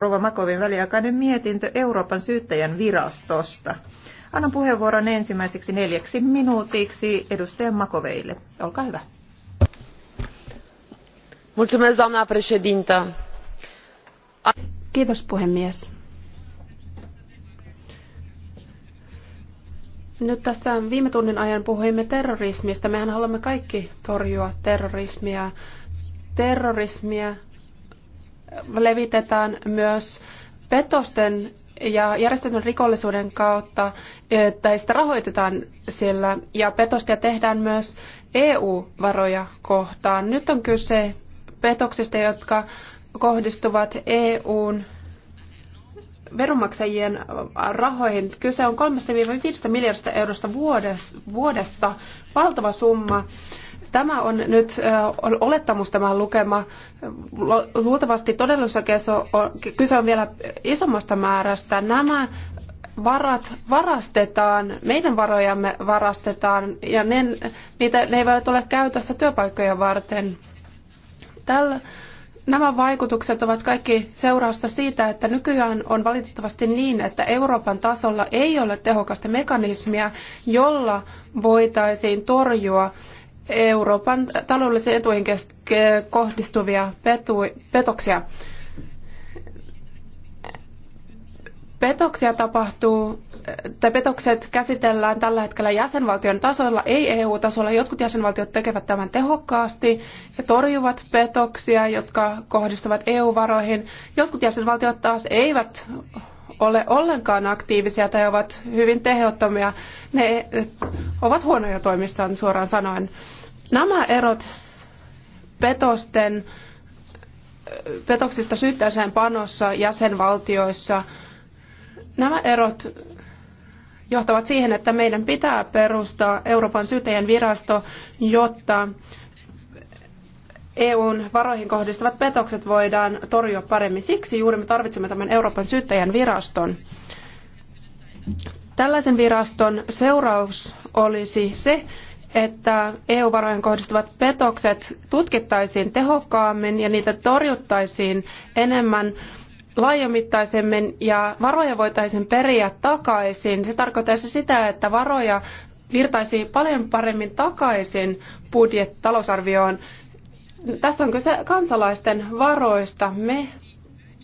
Rova Makovin väliaikainen mietintö Euroopan syyttäjän virastosta. Annan puheenvuoron ensimmäiseksi neljäksi minuutiksi edustaja Makoveille. Olkaa hyvä. Mulțumesc, doamna președintă. Kiitos puhemies. Nyt tässä viime tunnin ajan puhuimme terrorismista. Mehän haluamme kaikki torjua terrorismia. Terrorismia levitetään myös petosten ja järjestetyn rikollisuuden kautta, että sitä rahoitetaan sillä, ja petosta tehdään myös EU-varoja kohtaan. Nyt on kyse petoksista, jotka kohdistuvat EUn veronmaksajien rahoihin. Kyse on 3-5 miljardista eurosta vuodessa, valtava summa. Tämä on nyt olettamus tämä lukema. Luultavasti todellisuudessa kyse on vielä isommasta määrästä. Nämä varat varastetaan, meidän varojamme varastetaan ja ne, niitä, ne eivät ole käytössä työpaikkoja varten. Tällä, nämä vaikutukset ovat kaikki seurausta siitä, että nykyään on valitettavasti niin, että Euroopan tasolla ei ole tehokasta mekanismia, jolla voitaisiin torjua Euroopan taloudellisiin etuihin kohdistuvia petoksia. Petoksia tapahtuu, tai petokset käsitellään tällä hetkellä jäsenvaltion tasolla, ei EU-tasolla. Jotkut jäsenvaltiot tekevät tämän tehokkaasti ja torjuvat petoksia, jotka kohdistuvat EU-varoihin. Jotkut jäsenvaltiot taas eivät ole ollenkaan aktiivisia tai ovat hyvin tehottomia. Ne ovat huonoja toimissaan suoraan sanoen. Nämä erot petosten, petoksista syyttäjäseen panossa jäsenvaltioissa, nämä erot johtavat siihen, että meidän pitää perustaa Euroopan syyttäjän virasto, jotta EUn varoihin kohdistuvat petokset voidaan torjua paremmin. Siksi juuri me tarvitsemme tämän Euroopan syyttäjän viraston. Tällaisen viraston seuraus olisi se, että EU-varojen kohdistuvat petokset tutkittaisiin tehokkaammin ja niitä torjuttaisiin enemmän laajamittaisemmin ja varoja voitaisiin periä takaisin. Se tarkoittaisi sitä, että varoja virtaisi paljon paremmin takaisin budjet talousarvioon. Tässä on kyse kansalaisten varoista. Me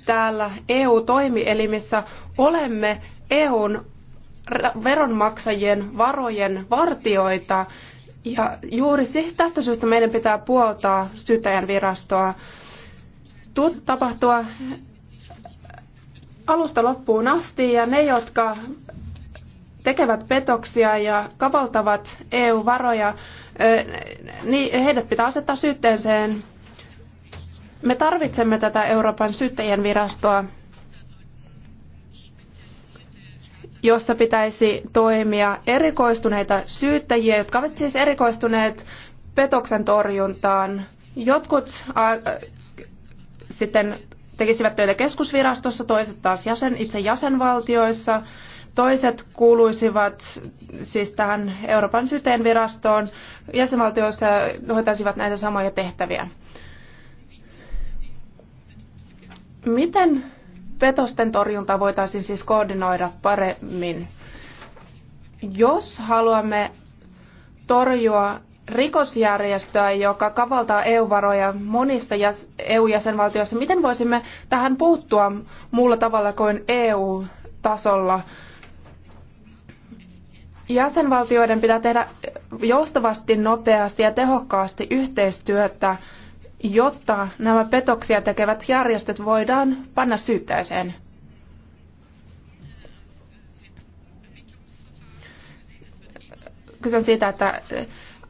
täällä EU-toimielimissä olemme EUn veronmaksajien varojen vartioita ja juuri tästä syystä meidän pitää puoltaa syyttäjän virastoa tapahtua alusta loppuun asti ja ne, jotka tekevät petoksia ja kavaltavat EU-varoja, niin heidät pitää asettaa syytteeseen. Me tarvitsemme tätä Euroopan syyttäjien virastoa jossa pitäisi toimia erikoistuneita syyttäjiä, jotka ovat siis erikoistuneet petoksen torjuntaan. Jotkut sitten tekisivät töitä keskusvirastossa, toiset taas jäsen, itse jäsenvaltioissa, toiset kuuluisivat siis tähän Euroopan syyteenvirastoon jäsenvaltioissa hoitaisivat näitä samoja tehtäviä. Miten petosten torjunta voitaisiin siis koordinoida paremmin. Jos haluamme torjua rikosjärjestöä, joka kavaltaa EU-varoja monissa EU-jäsenvaltioissa, miten voisimme tähän puuttua muulla tavalla kuin EU-tasolla? Jäsenvaltioiden pitää tehdä joustavasti, nopeasti ja tehokkaasti yhteistyötä jotta nämä petoksia tekevät järjestöt voidaan panna syytteeseen. kysyn siitä, että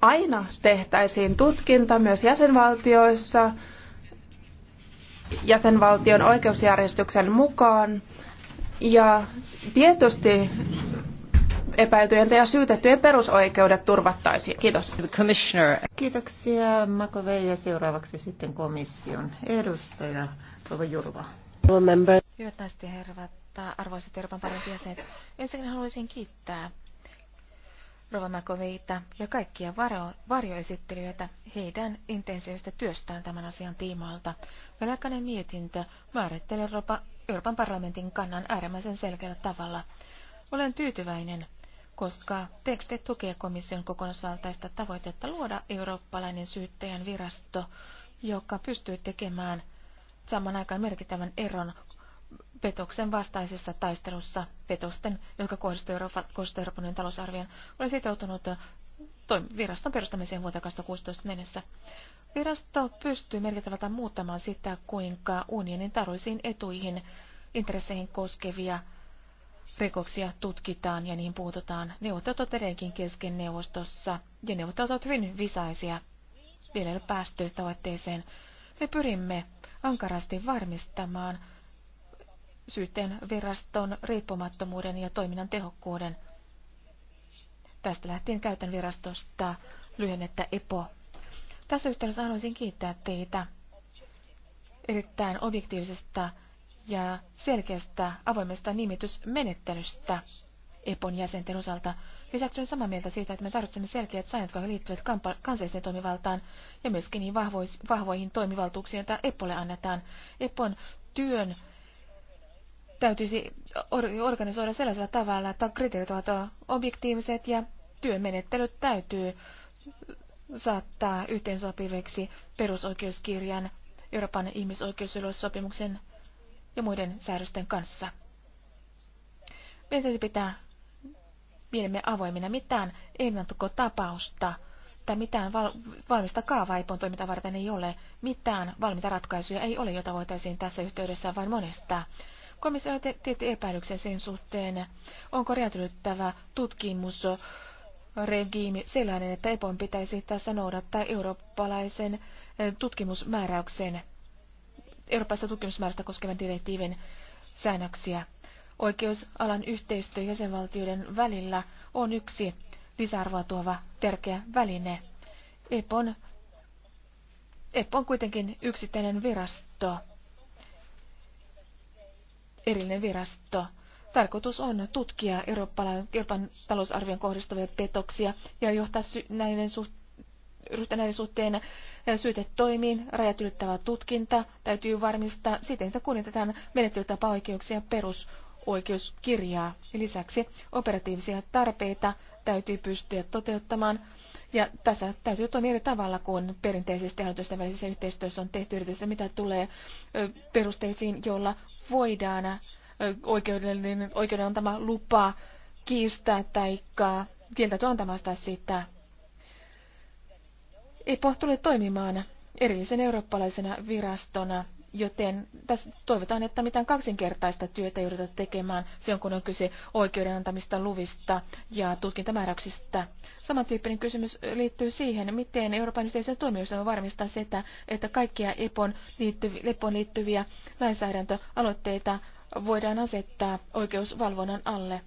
aina tehtäisiin tutkinta myös jäsenvaltioissa jäsenvaltion oikeusjärjestyksen mukaan. Ja tietysti epäiltyjen ja syytettyjen perusoikeudet turvattaisiin. Kiitos. Kiitoksia Makovei ja seuraavaksi sitten komission edustaja Tova Jurva. Hyvät naiset ja herrat, arvoisat Euroopan parlamentin jäsenet, ensinnäkin haluaisin kiittää Rova Makoveita ja kaikkia varo- varjoesittelijöitä heidän intensiivistä työstään tämän asian tiimoilta. Velkainen mietintö määrittelee Euroopan parlamentin kannan äärimmäisen selkeällä tavalla. Olen tyytyväinen koska teksti tukee komission kokonaisvaltaista tavoitetta luoda eurooppalainen syyttäjän virasto, joka pystyy tekemään saman aikaan merkittävän eron petoksen vastaisessa taistelussa petosten, joka kohdistuu Euroopan, kohdistuu Euroopan talousarvion, oli sitoutunut viraston perustamiseen vuotta 2016 mennessä. Virasto pystyy merkittävältä muuttamaan sitä, kuinka unionin taruisiin etuihin, intresseihin koskevia rikoksia tutkitaan ja niin puututaan. Neuvottelut ovat edelleenkin kesken neuvostossa ja neuvottelut ovat hyvin visaisia. Vielä ei ole päästy tavoitteeseen. Me pyrimme ankarasti varmistamaan syytteen viraston riippumattomuuden ja toiminnan tehokkuuden. Tästä lähtien käytän virastosta lyhennettä EPO. Tässä yhteydessä haluaisin kiittää teitä erittäin objektiivisesta ja selkeästä avoimesta nimitysmenettelystä EPON jäsenten osalta. Lisäksi olen samaa mieltä siitä, että me tarvitsemme selkeät säännöt, jotka liittyvät kansalliseen toimivaltaan ja myöskin niin vahvoihin toimivaltuuksiin, joita EPOlle annetaan. EPOn työn täytyisi organisoida sellaisella tavalla, että kriteerit ovat objektiiviset ja työmenettelyt täytyy saattaa yhteensopiviksi perusoikeuskirjan Euroopan ihmisoikeusylössopimuksen ja muiden säädösten kanssa. Meidän pitää mielemme avoimina mitään tapausta tai mitään val- valmista kaavaa ei toimintaa varten ei ole. Mitään valmiita ratkaisuja ei ole, jota voitaisiin tässä yhteydessä vain monesta. Komissio tietty epäilyksen sen suhteen, onko räätelyttävä tutkimus regiimi sellainen, että EPOn pitäisi tässä noudattaa eurooppalaisen eh, tutkimusmääräyksen eurooppalaista tutkimusmäärästä koskevan direktiivin säännöksiä. Oikeusalan yhteistyö jäsenvaltioiden välillä on yksi lisäarvoa tuova tärkeä väline. EPON, EPO on kuitenkin yksittäinen virasto, erillinen virasto. Tarkoitus on tutkia Euroopan, talousarvion kohdistuvia petoksia ja johtaa sy- näiden suhteen ryhtyä näiden suhteen syytetoimiin, rajat ylittävä tutkinta täytyy varmistaa siten, että kunnitetaan menettelytapaoikeuksia ja perusoikeuskirjaa. Lisäksi operatiivisia tarpeita täytyy pystyä toteuttamaan ja tässä täytyy toimia eri tavalla kuin perinteisesti hallitusten välisessä yhteistyössä on tehty yritystä, mitä tulee perusteisiin, joilla voidaan oikeudellinen, oikeuden antama lupa kiistää tai kieltäytyä antamasta sitä EPO tulee toimimaan erillisen eurooppalaisena virastona, joten tässä toivotaan, että mitään kaksinkertaista työtä jouduta tekemään silloin, kun on kyse oikeuden antamista luvista ja tutkintamääräyksistä. Samantyyppinen kysymys liittyy siihen, miten Euroopan yhteisön on varmistaa sitä, että kaikkia EPOn liittyviä, EPOn liittyviä lainsäädäntöaloitteita voidaan asettaa oikeusvalvonnan alle.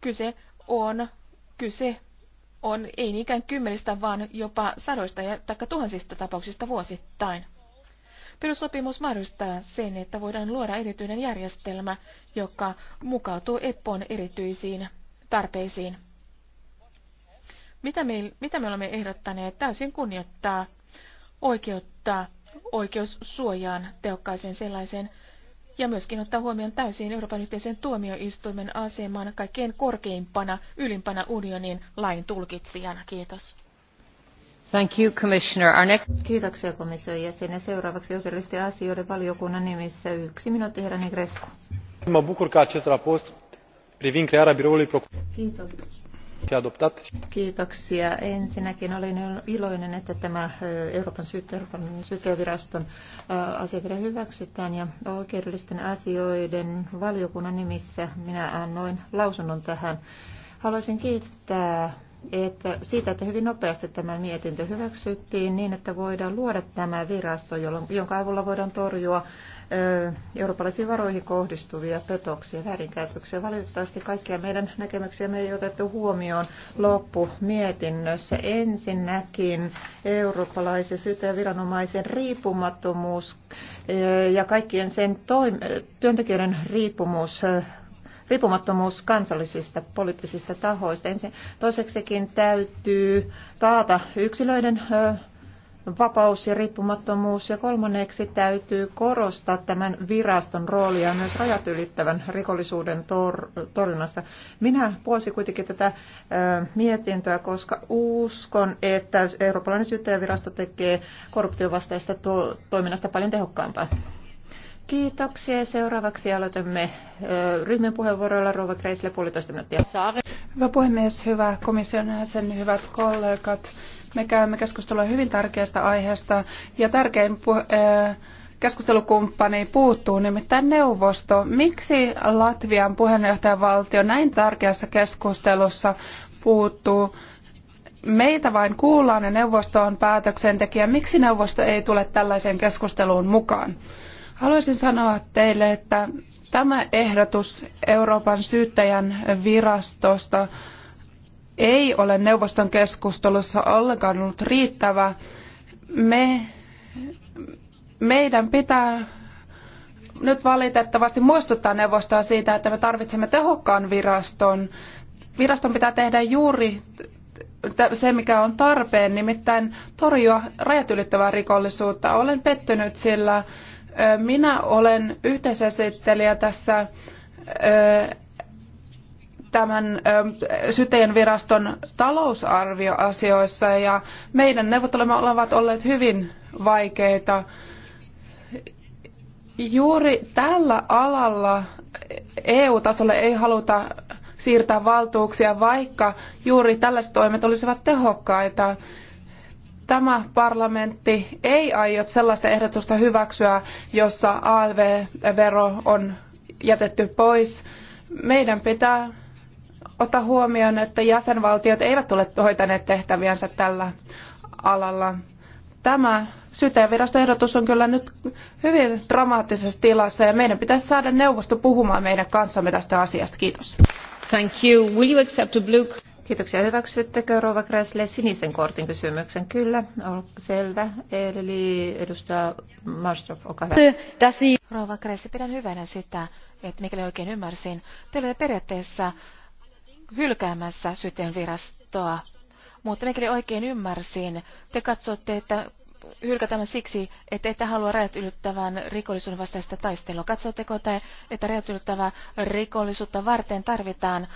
Kyse on kyse on ei niinkään kymmenistä, vaan jopa sadoista ja taikka tuhansista tapauksista vuosittain. Perussopimus mahdollistaa sen, että voidaan luoda erityinen järjestelmä, joka mukautuu EPPOn erityisiin tarpeisiin. Mitä me, mitä me olemme ehdottaneet täysin kunnioittaa oikeutta oikeussuojaan tehokkaiseen sellaiseen ja myöskin ottaa huomioon täysin Euroopan yhteisen tuomioistuimen aseman kaikkein korkeimpana, ylimpänä unionin lain tulkitsijana. Kiitos. Thank you, Commissioner. Our next... Kiitoksia komission jäsen. Ja seuraavaksi oikeudellisten asioiden valiokunnan nimissä yksi minuutti, herra Negrescu. Mă bucur că acest raport privind crearea biroului Kiitos. Kiitoksia. Ensinnäkin olin iloinen, että tämä Euroopan syyttäjäviraston asiakirja hyväksytään ja oikeudellisten asioiden valiokunnan nimissä minä annoin lausunnon tähän. Haluaisin kiittää että siitä, että hyvin nopeasti tämä mietintö hyväksyttiin niin, että voidaan luoda tämä virasto, jonka avulla voidaan torjua eurooppalaisiin varoihin kohdistuvia petoksia, väärinkäytöksiä. Valitettavasti kaikkia meidän näkemyksiä me ei otettu huomioon loppumietinnössä. Ensinnäkin eurooppalaisen syyttäjäviranomaisen riippumattomuus ja kaikkien sen työntekijöiden riippumus riippumattomuus kansallisista poliittisista tahoista. Ensin, toiseksikin täytyy taata yksilöiden vapaus ja riippumattomuus. Ja kolmanneksi täytyy korostaa tämän viraston roolia myös rajat ylittävän rikollisuuden tor- torjunnassa. Minä puolisin kuitenkin tätä ö, mietintöä, koska uskon, että Eurooppalainen syyttäjävirasto tekee korruptiovastaista to- toiminnasta paljon tehokkaampaa. Kiitoksia. Seuraavaksi aloitamme ryhmän puheenvuoroilla Rouva Kreisille puolitoista minuuttia. Hyvä puhemies, hyvä komission jäsen, hyvät kollegat. Me käymme keskustelua hyvin tärkeästä aiheesta ja tärkein eh, keskustelukumppani puuttuu, nimittäin neuvosto. Miksi Latvian puheenjohtajavaltio näin tärkeässä keskustelussa puuttuu? Meitä vain kuullaan ja neuvosto on päätöksentekijä. Miksi neuvosto ei tule tällaiseen keskusteluun mukaan? Haluaisin sanoa teille, että tämä ehdotus Euroopan syyttäjän virastosta ei ole neuvoston keskustelussa ollenkaan ollut riittävä. Me, meidän pitää nyt valitettavasti muistuttaa neuvostoa siitä, että me tarvitsemme tehokkaan viraston. Viraston pitää tehdä juuri se, mikä on tarpeen, nimittäin torjua rajat ylittävää rikollisuutta. Olen pettynyt, sillä minä olen yhteisesittelijä tässä tämän syteen viraston talousarvioasioissa ja meidän neuvottelumme ovat olleet hyvin vaikeita. Juuri tällä alalla EU-tasolle ei haluta siirtää valtuuksia, vaikka juuri tällaiset toimet olisivat tehokkaita. Tämä parlamentti ei aio sellaista ehdotusta hyväksyä, jossa ALV-vero on jätetty pois. Meidän pitää Ota huomioon, että jäsenvaltiot eivät ole hoitaneet tehtäviänsä tällä alalla. Tämä syyttäjänviraston ehdotus on kyllä nyt hyvin dramaattisessa tilassa ja meidän pitäisi saada neuvosto puhumaan meidän kanssamme tästä asiasta. Kiitos. Thank you. Will you accept a blue... Kiitoksia. Hyväksyttekö Rova Kräsle sinisen kortin kysymyksen? Kyllä, on selvä. Eli edustaja Marstrop, olkaa hyvä. Rova Kräsle, pidän hyvänä sitä, että mikäli oikein ymmärsin, teillä periaatteessa hylkäämässä syyteen virastoa. Mutta mikäli oikein ymmärsin, te katsotte, että hylkätään siksi, että ette halua rajat ylittävän rikollisuuden vastaista taistelua. Katsotteko te, että rajat ylittävää rikollisuutta varten tarvitaan ä,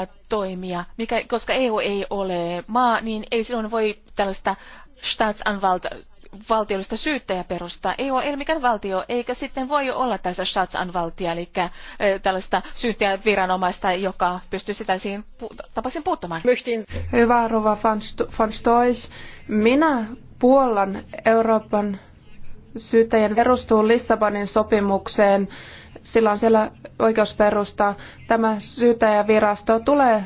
äh, toimia, mikä, koska EU ei ole maa, niin ei silloin voi tällaista Staatsanwalt valtiollista syyttäjä perustaa. Ei ole, ei mikään valtio, eikä sitten voi olla tässä Shatsan eli eli äh, tällaista syyttäjäviranomaista, joka pystyy sitä siihen tapasin puuttumaan. Hyvä Rova von Stois. Minä puollan Euroopan syyttäjän perustuu Lissabonin sopimukseen. Sillä on siellä oikeusperusta. Tämä syyttäjävirasto tulee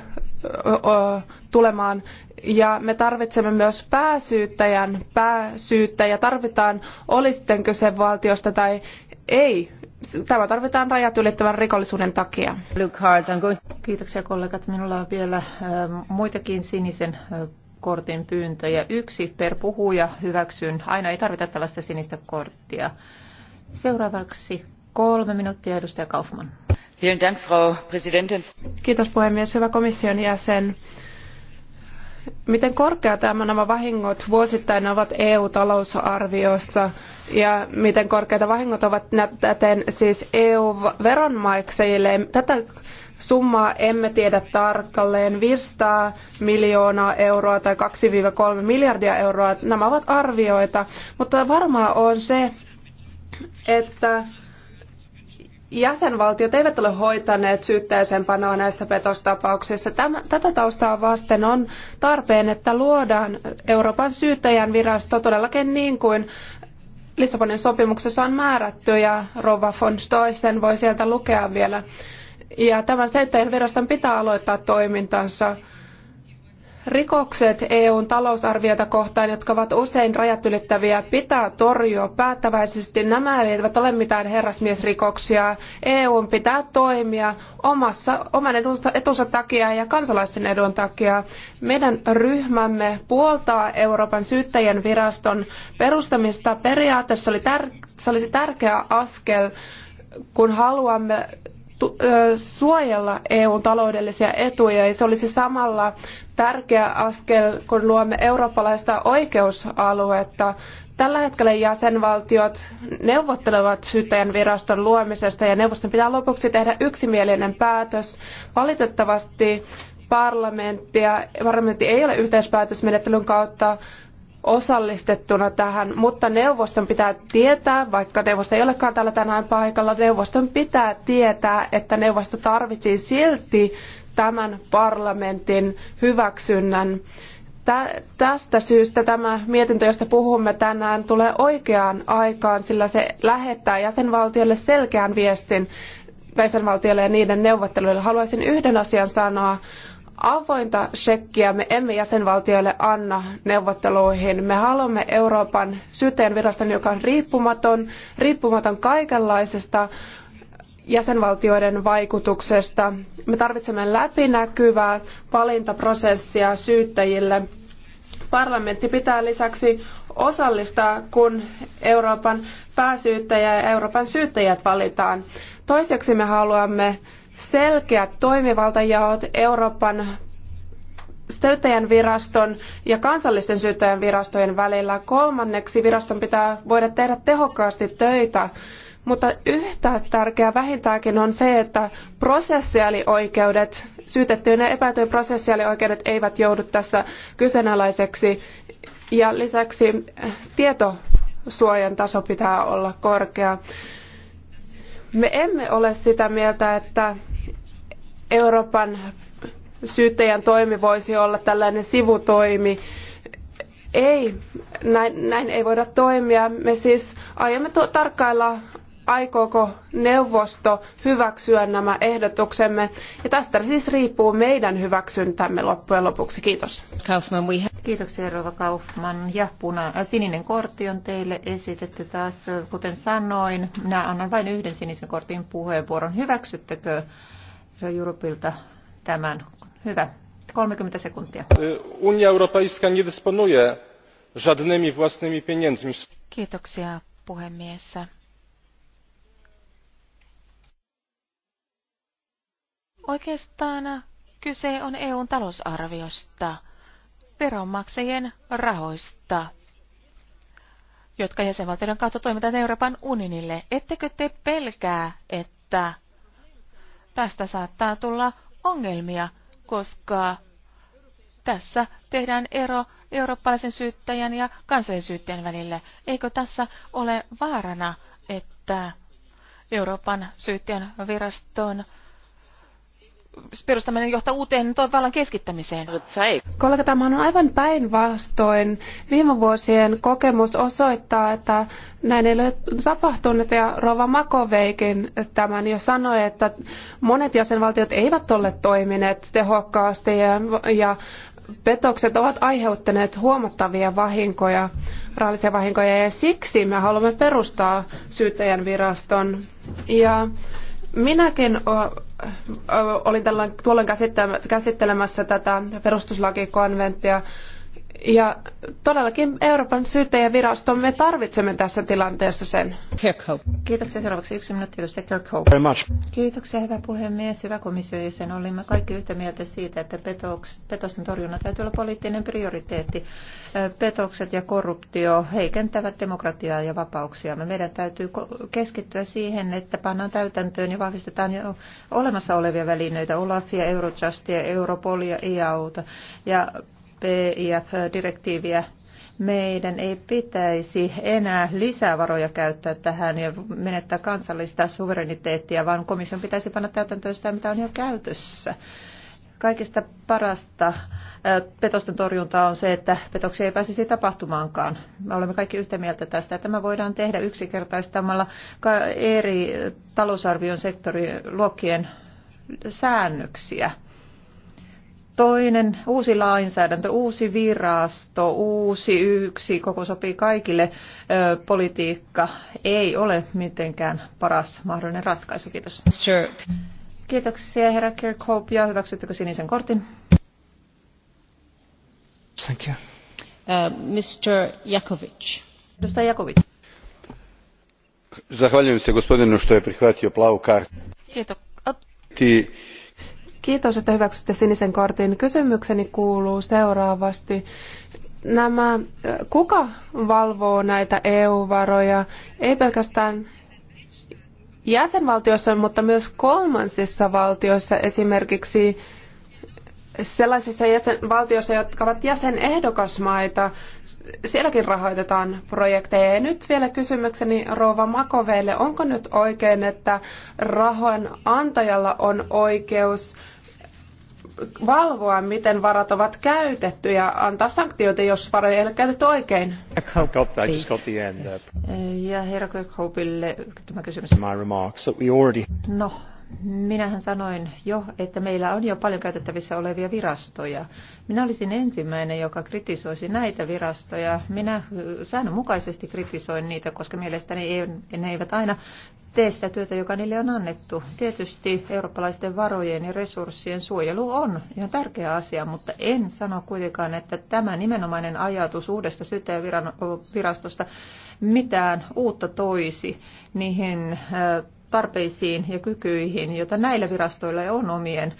o, o, tulemaan. Ja me tarvitsemme myös pääsyyttäjän. Pääsyyttäjä tarvitaan, oli sitten kyse valtiosta tai ei. Tämä tarvitaan rajat ylittävän rikollisuuden takia. Kiitoksia kollegat. Minulla on vielä muitakin sinisen kortin pyyntöjä. Yksi per puhuja hyväksyn. Aina ei tarvita tällaista sinistä korttia. Seuraavaksi kolme minuuttia edustaja Kaufmann. Kiitos puhemies. Hyvä komission jäsen miten korkea tämä nämä vahingot vuosittain ovat EU-talousarviossa ja miten korkeita vahingot ovat täten siis EU-veronmaksajille. Tätä summaa emme tiedä tarkalleen, 500 miljoonaa euroa tai 2-3 miljardia euroa, nämä ovat arvioita, mutta varmaa on se, että jäsenvaltiot eivät ole hoitaneet syytteeseenpanoa näissä petostapauksissa. Tämä, tätä taustaa vasten on tarpeen, että luodaan Euroopan syyttäjän virasto todellakin niin kuin Lissabonin sopimuksessa on määrätty ja Rova von Stoisen voi sieltä lukea vielä. Ja tämän syyttäjän viraston pitää aloittaa toimintansa Rikokset EUn talousarviota kohtaan, jotka ovat usein rajat ylittäviä, pitää torjua päättäväisesti. Nämä eivät ole mitään herrasmiesrikoksia. EUn pitää toimia omassa, oman edunsa, etunsa takia ja kansalaisten edun takia. Meidän ryhmämme puoltaa Euroopan syyttäjän viraston perustamista. Periaatteessa oli tär, se olisi tärkeä askel, kun haluamme suojella EUn taloudellisia etuja ja se olisi samalla tärkeä askel, kun luomme eurooppalaista oikeusaluetta. Tällä hetkellä jäsenvaltiot neuvottelevat syyttäjän viraston luomisesta ja neuvoston pitää lopuksi tehdä yksimielinen päätös. Valitettavasti parlamentti ei ole yhteispäätösmenettelyn kautta osallistettuna tähän, mutta neuvoston pitää tietää, vaikka neuvosto ei olekaan täällä tänään paikalla, neuvoston pitää tietää, että neuvosto tarvitsee silti tämän parlamentin hyväksynnän. tästä syystä tämä mietintö, josta puhumme tänään, tulee oikeaan aikaan, sillä se lähettää jäsenvaltiolle selkeän viestin jäsenvaltioille ja niiden neuvotteluille. Haluaisin yhden asian sanoa avointa shekkiä me emme jäsenvaltioille anna neuvotteluihin. Me haluamme Euroopan syyteenviraston, joka on riippumaton, riippumaton kaikenlaisesta jäsenvaltioiden vaikutuksesta. Me tarvitsemme läpinäkyvää valintaprosessia syyttäjille. Parlamentti pitää lisäksi osallistaa, kun Euroopan pääsyyttäjä ja Euroopan syyttäjät valitaan. Toiseksi me haluamme selkeät toimivaltajaot Euroopan syyttäjän viraston ja kansallisten syyttäjän virastojen välillä. Kolmanneksi viraston pitää voida tehdä tehokkaasti töitä, mutta yhtä tärkeää vähintäänkin on se, että prosessiaalioikeudet, syytettyjen ja epäiltyjen prosessiaalioikeudet eivät joudu tässä kyseenalaiseksi. Ja lisäksi tietosuojan taso pitää olla korkea. Me emme ole sitä mieltä, että Euroopan syyttäjän toimi voisi olla tällainen sivutoimi. Ei, näin, näin ei voida toimia. Me siis aiomme tarkkailla aikooko neuvosto hyväksyä nämä ehdotuksemme. Ja tästä siis riippuu meidän hyväksyntämme loppujen lopuksi. Kiitos. Kaufman, have... Kiitoksia Rova Kaufman. Ja puna, äh, sininen kortti on teille esitetty taas. Kuten sanoin, minä annan vain yhden sinisen kortin puheenvuoron. Hyväksyttekö Jurupilta tämän? Hyvä. 30 sekuntia. Unia Europejska nie dysponuje żadnymi własnymi pieniędzmi. Kiitoksia puhemies. Oikeastaan kyse on EUn talousarviosta, veronmaksajien rahoista, jotka jäsenvaltioiden kautta toimitaan Euroopan unionille. Ettekö te pelkää, että tästä saattaa tulla ongelmia, koska tässä tehdään ero eurooppalaisen syyttäjän ja kansallisen syyttäjän välille. Eikö tässä ole vaarana, että Euroopan syyttäjän viraston perustaminen johtaa uuteen vallan keskittämiseen. Kollega, tämä on aivan päinvastoin. Viime vuosien kokemus osoittaa, että näin ei ole tapahtunut ja Rova Makoveikin tämän jo sanoi, että monet jäsenvaltiot eivät ole toimineet tehokkaasti ja, ja petokset ovat aiheuttaneet huomattavia vahinkoja, rahallisia vahinkoja ja siksi me haluamme perustaa syyttäjän viraston. Ja Minäkin olin tällöin, tuolloin käsittelemässä tätä perustuslakikonventtia ja todellakin Euroopan syyttäjävirasto, me tarvitsemme tässä tilanteessa sen. Kiitoksia. Seuraavaksi yksi minuutti very much. Kiitoksia, hyvä puhemies, hyvä komission jäsen. Olimme kaikki yhtä mieltä siitä, että petoks, petosten torjunnan täytyy olla poliittinen prioriteetti. Petokset ja korruptio heikentävät demokratiaa ja vapauksia. Meidän täytyy keskittyä siihen, että pannaan täytäntöön ja vahvistetaan jo olemassa olevia välineitä, Olafia, Eurojustia, Europolia, EAUta. Ja PIF-direktiiviä meidän ei pitäisi enää lisävaroja käyttää tähän ja menettää kansallista suvereniteettia, vaan komission pitäisi panna täytäntöön sitä, mitä on jo käytössä. Kaikista parasta petosten torjunta on se, että petoksia ei pääsisi tapahtumaankaan. Me olemme kaikki yhtä mieltä tästä. Tämä voidaan tehdä yksinkertaistamalla eri talousarvion sektoriluokkien säännöksiä toinen uusi lainsäädäntö, uusi virasto, uusi yksi, koko sopii kaikille. Politiikka ei ole mitenkään paras mahdollinen ratkaisu. Kiitos. Sure. Kiitoksia herra Kirkhope ja hyväksyttekö sinisen kortin? Thank you. Uh, Mr. Jakovic. Edustaja Jakovic. Zahvaljujem se gospodinu što je prihvatio plavu kartu. Kiitos. Kiitos, että hyväksytte sinisen kortin. Kysymykseni kuuluu seuraavasti. Nämä, kuka valvoo näitä EU-varoja? Ei pelkästään jäsenvaltioissa, mutta myös kolmansissa valtioissa, esimerkiksi sellaisissa jäsenvaltioissa, jotka ovat jäsenehdokasmaita, sielläkin rahoitetaan projekteja. Ja nyt vielä kysymykseni Rova Makoveille, onko nyt oikein, että rahojen antajalla on oikeus valvoa, miten varat ovat käytetty ja antaa sanktioita, jos varoja ei ole käytetty oikein. Uh, ja herra Kirkhopeille tämä kysymys. My remarks that we already... No, minähän sanoin jo, että meillä on jo paljon käytettävissä olevia virastoja. Minä olisin ensimmäinen, joka kritisoisi näitä virastoja. Minä säännönmukaisesti kritisoin niitä, koska mielestäni ne eivät aina tee sitä työtä, joka niille on annettu. Tietysti eurooppalaisten varojen ja resurssien suojelu on ihan tärkeä asia, mutta en sano kuitenkaan, että tämä nimenomainen ajatus uudesta syyttäjävirastosta mitään uutta toisi niihin tarpeisiin ja kykyihin, joita näillä virastoilla on omien